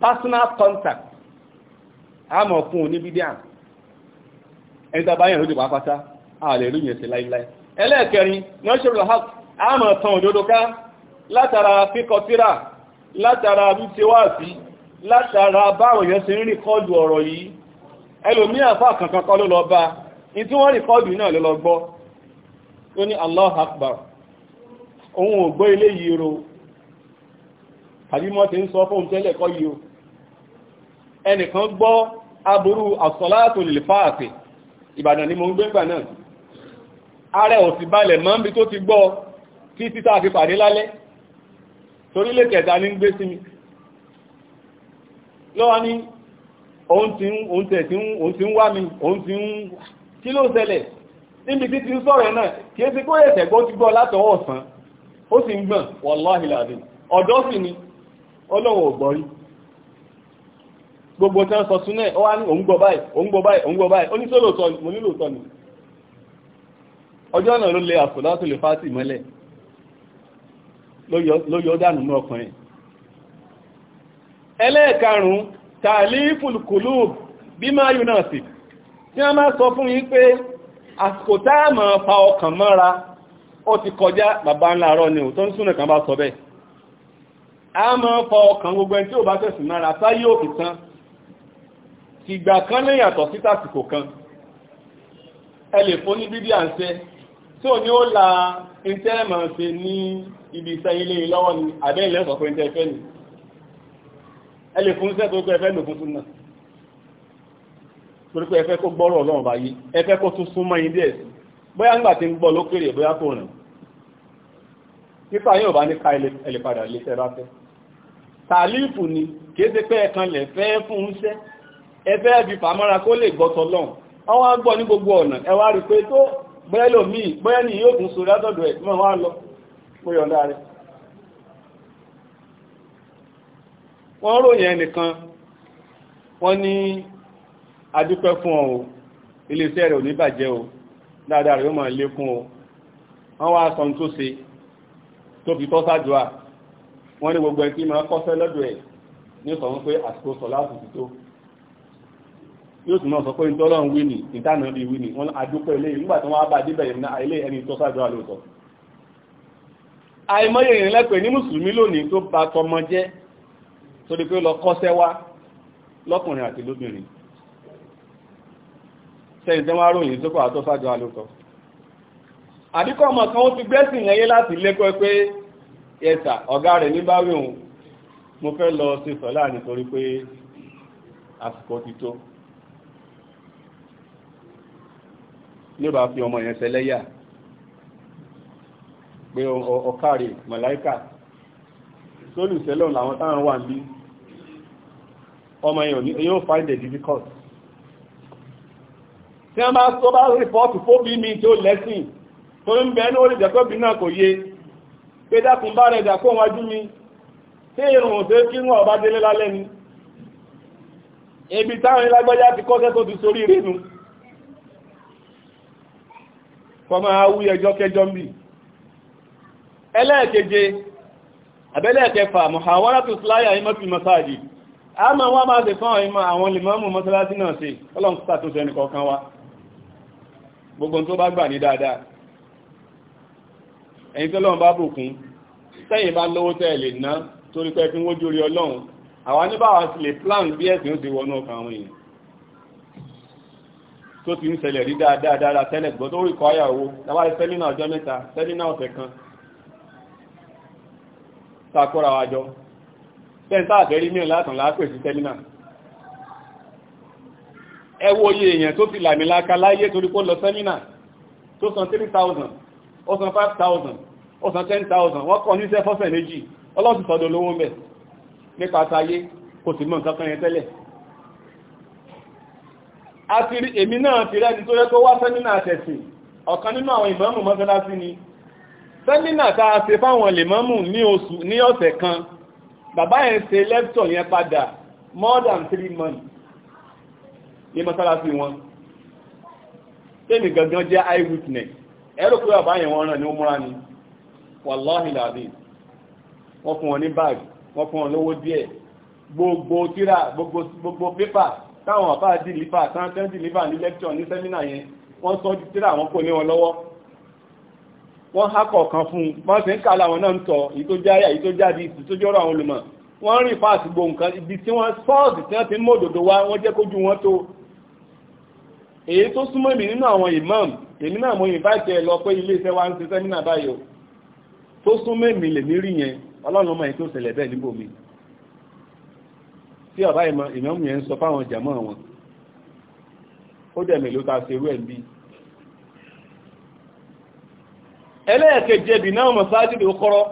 personal contact àmọ̀ fún oníbídíà ẹni tàbá yẹn lójú pàápàá ààlẹ̀ lóyìn ẹ̀sẹ̀ láìláì ẹlẹ́ẹ̀kẹrin nọ́ṣẹ́rọ̀ àmọ̀ tán òdodo ká látara fíkọtíra látara wíṣẹ́wàásí látara báwọn èèyàn ṣe ń rìkọ́ọ̀dù ọ̀rọ̀ yìí ẹlòmí àfá kankan kọ́ ló lọ bá in tí wọ́n rìkọ́ọ̀dù náà ló Allah akbar òun ò gbọ́ ilé yìí ro tàbí mọ́ ẹnìkan gbọ́ aburú àsọ̀látò lè fàáàtì ìbàdàn ni mo ń gbé gbà náà ààrẹ ò sì balẹ̀ mọ́ bí tó ti gbọ́ tí títà fi pàdé lálẹ́ torílẹ̀ kẹta ní gbé sí mi lọ́wọ́ ní òun ti ń wá mi òun ti ń kí ló ṣẹlẹ̀ níbi tí ti ń sọ̀rọ̀ náà kí é sí kó yẹ̀ tẹ̀gbọ́ ti gbọ́ látọwọ́ ọ̀sán ó sì ń gbọ̀n wọ́láhìláàdì ọ̀dọ́ sì ni ọlọ́wọ̀ ògbọ́rí gbogbo tí wọ́n sọ súnà ó wá ní òun gbọ́ báyìí òun gbọ́ báyìí òun gbọ́ báyìí ó ní tó lóòótọ́ ni mo ní lóòótọ́ ni ọjọ́ náà ló lè àpò láti lè fásitì mọ́lẹ̀ ló yọ dànù ní ọkùnrin ẹlẹ́ẹ̀karùn-ún tààlí fùlùkùlù bí máa yù náà sì tí wọ́n máa sọ fún yín pé àsìkò táàmù fa ọkàn mọ́ra ó ti kọjá bàbá ńlá rọ ni ò a máa fa ọkàn gbogbo ẹni tí ò bá tẹ̀sùn mọ́ra sáyé òkè tìgbà kan lè yàtọ̀ sí tàsìkò kan ẹ lè fún ní bíbí à ń ṣe tí ò ní ó la iṣẹ́ máa ṣe ní ibi iṣẹ́ ilé lọ́wọ́ ni àbẹ́ ilẹ̀ sọ pé iṣẹ́ ìfẹ́ ni ẹ lè fún iṣẹ́ tó pé ẹfẹ́ lò fún súnà torí pé ẹfẹ́ kó gbọ́rọ̀ ọlọ́run báyé ẹfẹ́ kó tún súnmọ́ yín díẹ̀ sí bóyá nígbà tí ń gbọ́ ló kéré bóyá kò rìn nípa yóò bá ní ká ẹlẹ́padà lè fẹ́ bá fẹ́ tàlífù ni kìí ṣe pé ẹ̀kan lẹ̀ fẹ́ fún iṣẹ́ ẹfẹ́ ẹbí fàmọ́ra kó lè gbọ́tọ̀ lọ́n àwọn agbọ́ ní gbogbo ọ̀nà ẹ wá rí pé tó bẹ́ẹ̀ lòmí bẹ́ẹ̀ ni yóò tún sórí àtọ̀dọ̀ ẹ̀ mọ́ wá lọ mo yọ̀ǹda rẹ̀ wọ́n ròyìn ẹnìkan wọ́n ní adúpẹ́ fún ọ iléeṣẹ́ rẹ̀ ò ní bàjẹ́ o dáadáa rẹ̀ ó máa lékún o wọ́n wá sọ tó ṣe tó fi tọ́ sádùá wọ́n ní gbogbo ẹni tí máa kọ́ṣẹ́ lọ́dọ̀ ẹ̀ ní sọ wọn pé àsìkò sọ láti ti tó yóò tún náà sọ pé ní tọ́lọ́run wí ní ìtànà bí wí ní wọ́n àdúpẹ́ ilé nígbà tí wọ́n bá débẹ̀ ilé ẹni tó sàdúrà lóòtọ́ àìmọye ìrìn lẹ́pẹ̀ ní mùsùlùmí lónìí tó bá tọmọ jẹ́ torí pé lọ kọ́ṣẹ́ wá lọ́kùnrin àti lóbìnrin sẹ́yìn tí wọ́n ròyìn tó kọ́ àtọ́ sàdúrà lóòtọ́ àdíkọ́ ọmọ kan ó ti gbẹ́sìn ẹyẹ láti lẹ́kọ́ pé ẹ̀sà ọ̀gá rẹ̀ ní báwí òun mo fẹ́ lọ sí sọ́lá nítorí pé àsìkò ti tó ní bá fi ọmọ yẹn ṣẹlẹ́yà pé ọkàrè màláíkà sólùsẹ́lọ̀ làwọn táwọn wà ń bí ọmọ yẹn yóò find it difficult tí a máa tó bá rìpọ́ọ̀tù fóbi mi tó lẹ́sìn tó ń bẹ ní olùjẹ́kọ́bí náà kò yé pé dákun bá rẹ̀ dàkó wájú mi tí ìrùn òṣèré kí wọ́n ọba délé lálẹ́ ni ebi táwọn ilágbájá ti kọ́ṣẹ́ kọ́ máa wú ẹjọ́ kẹjọ́ ń bì ẹlẹ́ẹ̀keje àbẹ́lẹ́ẹ̀kẹfà mọ̀hàwárá tó sláyà ìmọ̀tí masáàjì a ma wá máa tẹ̀sán ìmọ̀ àwọn lèmọ́mù mọ́sálásí náà sí ọlọ́run sàtúnṣe ẹnì kọ̀ọ̀kan wa gbogbo tó bá gbà ní dáadáa ẹ̀yin tó lọ́run bá bùkún sẹ́yìn bá lówó tẹ́ẹ̀lẹ̀ ná torí pé fún wójú orí ọlọ́run àwa níbàwá sì lè plan bí ẹ̀sìn ó ti wọnú ọkàn àwọn èèyàn tó ti ń ṣẹlẹ̀ rí dáadáa dára tẹ́lẹ̀ gbọ́n tó rí kọ́ àyà owó lábáyé sẹ́línà ọjọ́ mẹ́ta sẹ́línà ọ̀sẹ̀ kan takọ́ra wa jọ tẹ́ǹtà àbẹ́rí mìíràn látàn lápè sí sẹ́línà ẹ wo iye èèyàn tó ti làmì láka láyé torí kó lọ sẹ́línà tó san 3000 ó san 5000 ó san 10000 wọ́n kọ́ níṣẹ́ fọ́sẹ̀ méjì ọlọ́sùn sọ́dọ̀ lówó mẹ́ nípa tayé kò sì mọ̀ nǹkan kan yẹn tẹ́lẹ̀ àfiri èmi náà fi rẹ́ni tó yẹ kó wá sẹ́mínà àtẹ̀sì ọ̀kan nínú àwọn ìmáàmù mọ́sálásí ni sẹ́mínà tá a ṣe fáwọn lèmọ́mù ní oṣù ní ọ̀sẹ̀ kan bàbá yẹn ṣe lẹ́pítọ̀ yẹn padà more than three months ní mọ́sálásí wọn tẹ́mi gangan jẹ́ eye witness ẹ̀rọ pé bàbá yẹn wọ́n ràn ní ó múra ni wàláhì làbí wọ́n fún wọn ní báàgì wọ́n fún wọn lówó díẹ̀ gbogbo tíra gbogbo pépà táwọn àbá dìlífà tán tẹ́ dìlífà ní lẹ́kṣọ̀ ní sẹ́mínà yẹn wọ́n sọ títírà wọn kò ní wọn lọ́wọ́ wọ́n há kọ̀ọ̀kan fún un wọ́n sì ń kà láwọn náà ń tọ̀ èyí tó jáyà èyí tó jáde ìsì tó jọ́rọ̀ àwọn olùmọ̀ wọ́n rìn fáàsì gbò nǹkan ibi tí wọ́n sọ́ọ̀sì tí wọ́n ti mú òdòdó wá wọ́n jẹ́ kójú wọn tó èyí tó súnmọ́ èmi nínú àwọn imam èmi náà mo invite ẹ lọ pé ilé iṣẹ́ wa ń ṣe sẹ́mínà báyìí tó súnmọ́ èmi lèmi rí yẹn ọlọ́run ọmọ yìí tó ṣẹlẹ̀ bẹ́ẹ̀ níbòmí tí ọ̀bá ìmọ̀mù yẹn ń sọ fáwọn jàmọ́ wọn ó dẹ̀mẹ̀ ló ta ṣe rú ẹ̀ bí ẹlẹ́ẹ̀kejì ẹbì náà mọ̀ sáájú ló kọ́rọ́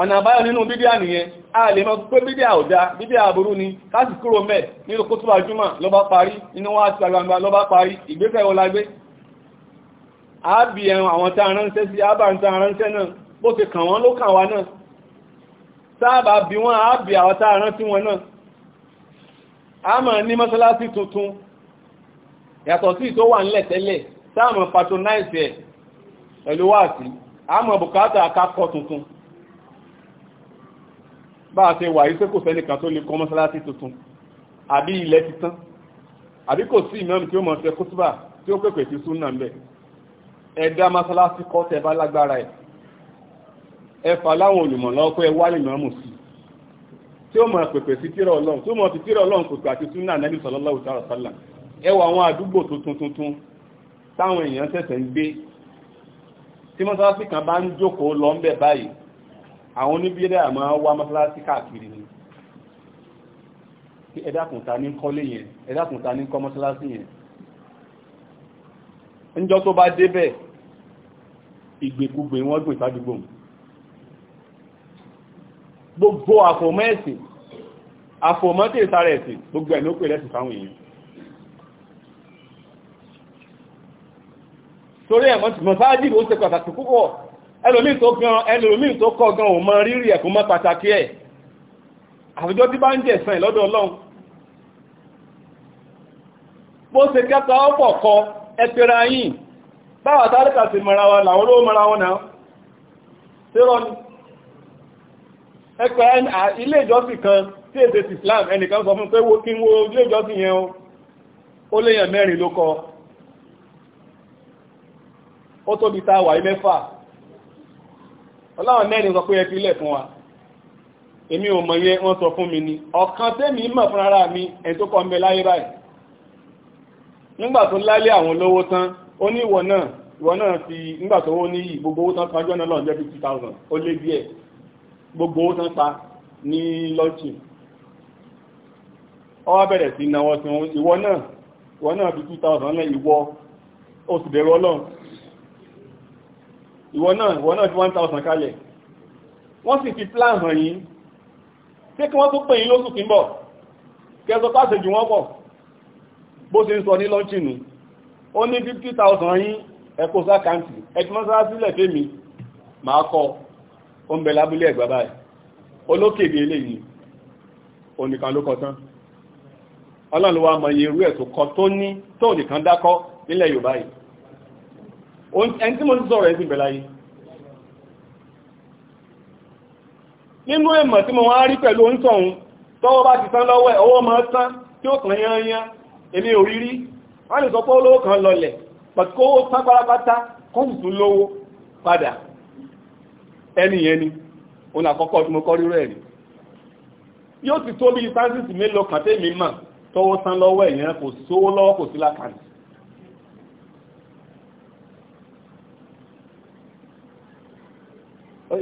ọ̀nà àbáyọ nínú bídíà nìyẹn a lè mọ̀ pé bídíà ò dá bídíà àbúrú ni káàsì kúrò mẹ́ nínú kótó àjúmọ̀ ló bá parí inú wá àti àgbàgbà ló bá parí ìgbésẹ̀ ọlágbé a bí ẹran àwọn tá aránṣẹ́ sí àbá ń tá aránṣẹ́ náà bó ti kàn wọ́n ló kàn wá náà sáàbà bí wọ́n a bí àwọn tá arántí wọn náà a máa ní mọ́sálásí tuntun yàtọ̀ sí tó wà nílẹ̀ tẹ́lẹ̀ táàmù patronize ẹ̀ pẹ̀lú wáàsí a máa bùkátà akákọ̀ tuntun bá a ṣe wà yí pé kò sẹ́nìkan tó lè kọ́ mọ́sálásí tuntun àbí ilẹ̀ títán àbí kò sí ìmọ̀mù tí ó mọ̀ ṣe kútùbà tí ó pèpè sí súnà ń bẹ̀ ẹ̀dá mọ́sálásí kọ́ tẹ bá lágbára ẹ̀ ẹ̀fà láwọn olùmọ̀lọ́kọ́ ẹ wálé mọ́mù sí tí ó máa pèpè sí tírà ọlọ́run tí ó máa fi tírà ọlọ́run pèpè àti súnà ànábì sallallahu ta'ala sallam ẹ wo àwọn àdúgbò tuntun tuntun táwọn èèyàn ṣẹ̀ṣẹ̀ ń gbé tí mọ́sálásí kan bá ń jókòó lọ ń bẹ̀ báyìí àwọn oníbíyẹ́dẹ́ àmọ́ wá mọ́sálásí káàkiri ni ẹ dákun ní kọ́lé yẹn ẹ ní kọ́ mọ́sálásí yẹn ńjọ́ tó bá débẹ̀ ìgbèkúgbè wọ́n gbè sádùgbò mu gbogbo àfòmọ́ ẹ̀sìn àfòmọ́ tí ìsára ẹ̀sìn gbogbo ẹ̀ ló pè lẹ́sìn fáwọn èèyàn torí ẹ̀mọ́ ti mọ̀sáájì ó ṣe pàtàkì púpọ̀ ẹlòmíì tó gan ẹlòmíì tó kọ́ gan ò mọ rírì ẹ̀kún mọ́ pàtàkì ẹ̀ àwùjọ tí bá ń jẹ̀ ọlọ́run làwọn ẹ̀pẹ́ ilé ìjọsìn kan tí èdè ti Islam ẹnìkan sọ fún pé wo kí n wo ilé ìjọsìn yẹn o ó léyàn mẹ́rin ló kọ ó tóbi ta wà mẹ́fà ọláwọn mẹ́rin sọ pé ẹ fi ilẹ̀ fún wa èmi ò mọ̀ yẹ wọ́n sọ fún mi ni ọ̀kan tẹ́mi mọ̀ fún ara mi ẹ̀ tó kọ́ mẹ́ láyé báyìí nígbà tó lálé àwọn olówó tán ó ní ìwọ náà ìwọ náà fi nígbà tó ó níyì gbogbo owó tán kanjọ́ náà lọ́njẹ́ 50,000 ó lé díẹ̀ gbogbo ó tán pa ní lọ́ọ̀tì ọwọ́ bẹ̀rẹ̀ sí náwọ́ sí wọn ìwọ náà ìwọ náà bí 2000 lẹ́ ìwọ ó sì bẹ̀rù ọlọ́run ìwọ náà ìwọ náà fi 1000 kalẹ̀ wọ́n sì fi plan hàn yín tí kí wọ́n tó pè yín lóṣù tí ń bọ̀ kẹsọ pàṣẹ jù wọ́n pọ̀ bó ṣe ń sọ ní lọ́ọ̀tì nù ó ní 50000 yín ẹ̀kọ́ sákàǹtì ẹ̀kọ́ sáà sílẹ̀ fẹ́mi máa kọ́ ó ń bẹ lábúlé ẹ̀gbà báyìí olókèdè eléyìí onìkan ló kọ tán ọlọ́run wa mọ̀ iye irú ẹ̀ tó kọ tó ní tó nìkan dákọ́ nílẹ̀ yorùbá yìí ẹni tí mo ti sọ̀rọ̀ ẹ̀sìn bẹ̀lá yìí nínú ẹ̀mọ̀ tí mo wá rí pẹ̀lú oúntọ̀hún ẹni yẹn ni òun àkọ́kọ́ tí mo kọ́ rírọ̀ ẹ̀rí yóò ti tó bí sáńsìsì mélòó kan tẹ́mi mà tọwọ́ sán lọ́wọ́ ẹ̀yẹn kò sówó lọ́wọ́ kò sí lákàtì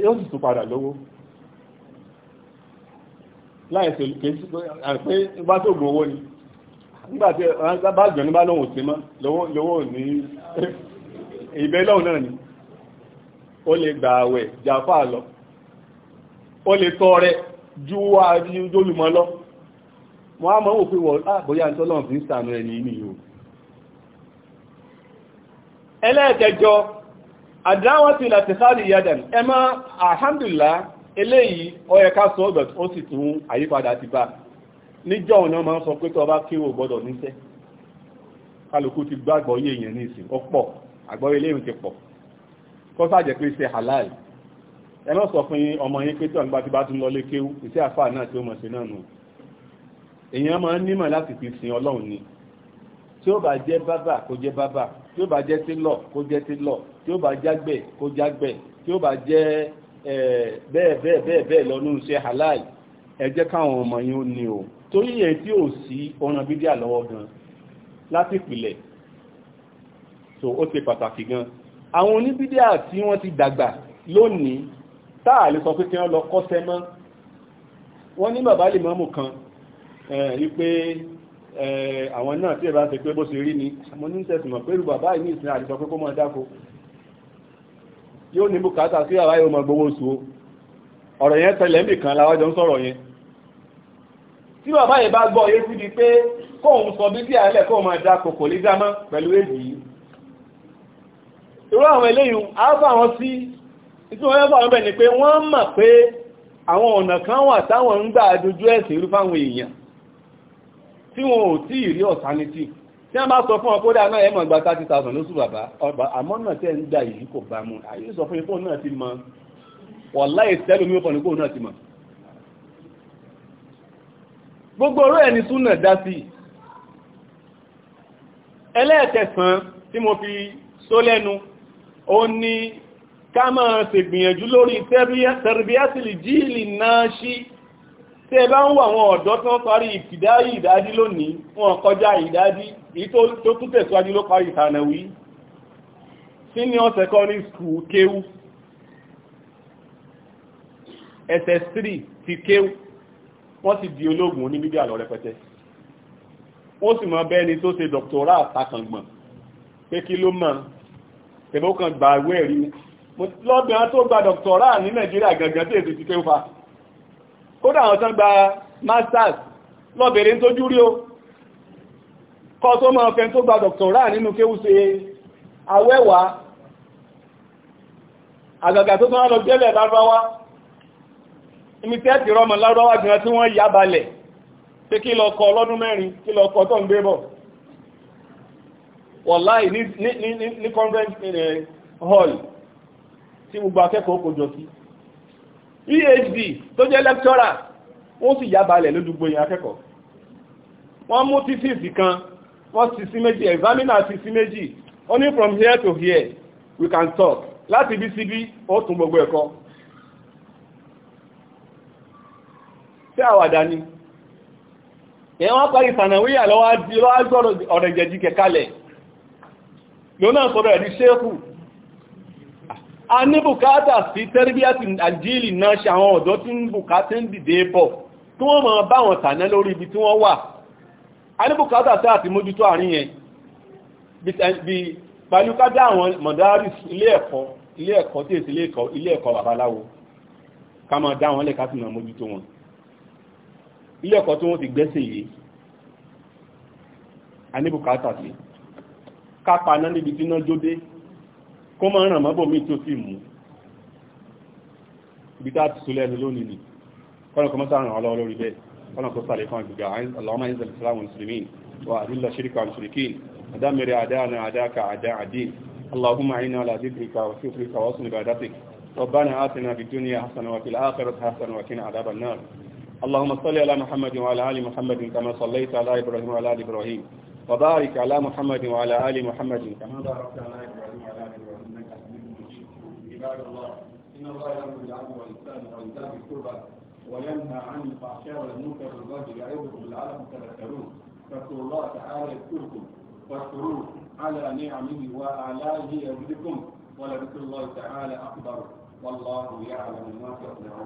yóò sì tún padà lówó pé bá tó owó ni bá lóhùn sí mọ́ lówó ní náà ni ó lè gbà àwẹ̀ jàfà lọ ó lè tọrẹ ju olùmọ lọ mo á mọ̀ wò pé wọ́n ah, bóyá ìtọ́lọ́n fi ń sànú ẹni nìyí o ẹlẹ́ẹ̀kẹjọ àdáwọ́tí ìlàtí sáàlì yadan ẹ má àhàndùlá eléyìí ọyẹ̀ká sọ ọgbẹ̀ ó sì tún àyípadà ti bá níjọ́ ọ̀nà máa ń sọ pé tọba kíwò gbọ́dọ̀ níṣẹ́ kálukú ti gbàgbọ́ yé ní ìsìn ọ̀pọ̀ àgbọ́yé léyìn ti pọ̀ kọ́sàjẹ́ pé ṣe halal ẹ lọ sọ fún ọmọ yín pé tí ọ̀nà ti bá tún lọ lé kéwú iṣẹ́ àfáà náà tí ó mọ̀ sí náà nù èèyàn máa ń nímọ̀ láti fi sin ọlọ́run ni tí ó bá jẹ́ bábà kó jẹ́ bábà tí ó bá jẹ́ tílọ̀ kó jẹ́ tílọ̀ tí ó bá jágbẹ̀ kó jágbẹ̀ tí ó bá jẹ́ bẹ́ẹ̀ bẹ́ẹ̀ bẹ́ẹ̀ bẹ́ẹ̀ lọ́nú iṣẹ́ halal ẹ jẹ́ káwọn ọmọ yín ó ní o torí ẹ̀ tí ò sí ọ̀ràn bídíà lọ́wọ́ gan láti pìlẹ̀ so ó ṣe pàtàkì gan àwọn oníbídíà tí wọ́n ti dàgbà lónìí táà lè sọ pé kí wọ́n lọ kọ́sẹ́ mọ́ wọ́n ní bàbá lè mọ́mù kan wípé àwọn náà tí ẹ bá ṣe pé bó ṣe rí ni mo ní sẹ́sì mọ̀ pẹ̀lú bàbá ìní ìsìn àti sọ pé kó mọ̀ dáko yóò ní bùkátà sí àwáyé ọmọ gbowó oṣù ọ̀rọ̀ yẹn tẹ̀lẹ̀ nìkan láwájọ ń sọ̀rọ̀ yẹn tí bàbá yẹn bá gbọ́ yé síbi pé kóun sọ bí díà ẹlẹ́ kóun máa dáko kò lè dámọ́ pẹ̀lú èyí irú àwọn eléyìn àbá wọn sí ìtún wọ́n yẹ́bà ọmọ ẹni pé wọ́n mọ̀ pé àwọn ọ̀nà kan wà táwọn ń gbà dojú ẹ̀sìn irú fáwọn èèyàn tí wọn ò tí ì rí ọ̀sánítì tí wọ́n bá sọ fún ọkọ́dá náà ẹ̀mọ̀ gba 30,000 lóṣù bàbá àmọ́ náà tẹ́ ń gba yìí kò bá mu àyè sọ fún ipò náà ti mọ wọ̀lá ìtẹ́lómi ó fọ̀nìkò náà ti mọ̀ gbogbo orú ẹni súnà dá sí ẹlẹ́ẹ̀kẹsàn tí mo fi só lẹ́nu ó ní ká máa ṣègbìyànjú lórí tẹ̀rìbíásìlì jíìlì náà ṣí tí ẹ bá ń wà àwọn ọ̀dọ́ tí wọ́n parí ìfìdáyì ìdádí lónìí wọn kọjá ìdádí tó tún tẹ̀síwájú ló parí ìtànàwí senior secondary school kéwú ss3 ti kéwú wọ́n sì di ológun oníbíbí àlọ́ rẹpẹtẹ ó sì mọ bẹ́ẹ̀ ni tó ṣe dọ̀tọ̀rá tẹ̀bọ́ kan gbà awé ẹ̀rí ni lọ́bìnrin tó gba dọ̀tọ̀rà ní nàìjíríà gangan tí èsì ti ké fa kódà àwọn tán gba masters lọ́bìnrin tó júrí o kọ́ tó máa fẹ́ tó gba dọ̀tọ̀rà nínú kéwú ṣe awẹ́wà àgàgà tó tán lọ jẹ́lẹ̀ lárọ́wá imi tẹ́ ti rọmọ lárọ́wá gan tí wọ́n yá balẹ̀ pé kí lọ kọ lọ́dún mẹ́rin kí lọ wọ̀láì ní conference hall tí gbogbo akẹ́kọ̀ọ́ kò jọ sí phd e tó jẹ́ lecturer wọ́n sì yá balẹ̀ lójúgbò yẹn akẹ́kọ̀ọ́ wọ́n mú thesis kan wọ́n sì sí méjì examiner sì sí méjì only from here to here we can talk láti bí síbí ó tún gbogbo ẹ̀kọ́ tí àwàdà ni ẹ̀wọ́n parí sànàwíyà lọ́wọ́ gbọ́rọ̀ ọ̀rẹ̀jẹ̀jì kẹkalẹ̀ lónà sọ́rọ̀ ẹ̀rí ṣékù a ní bùkátà sí tẹ́rìbíàtì àjíìlì náà ṣe àwọn ọ̀dọ́ tí ń bùkátà ń dìde bọ̀ tí wọ́n máa bá wọn tàná lórí ibi tí wọ́n wà a ní bùkátà sí àti mójútó àárín yẹn bí pẹ̀lú kádá àwọn mọ̀dárì ilé ẹ̀kọ́ ilé ẹ̀kọ́ tí èsì kápaná níbi tí náà jóde kó máa ràn mọ́bọ̀ mí tó sì mú ibi tá a ti sólẹ̀ ẹnu lónìí ni kọ́nà kọ́ mọ́sá ràn ọlọ́wọ́ lórí bẹ́ẹ̀ kọ́nà kó sàlẹ̀ fún àgbègbè Allahumma inzil islam muslimin wa adilla shirka wal mushrikin adamiri اللهم صل على محمد وعلى آل محمد كما صليت على إبراهيم وعلى آل إبراهيم وبارك على محمد وعلى آل محمد كما باركت على إبراهيم وعلى آل إبراهيم إنك حميد مجيد عباد الله إن الله يأمر بالعدل والإحسان وإيتاء ذي القربى وينهى عن الفحشاء والمنكر والبغي يعظكم لعلكم تذكرون فاذكروا الله تعالى يذكركم واشكروه على نعمه وآلائه يزدكم ولذكر الله تعالى أكبر والله يعلم ما تصنعون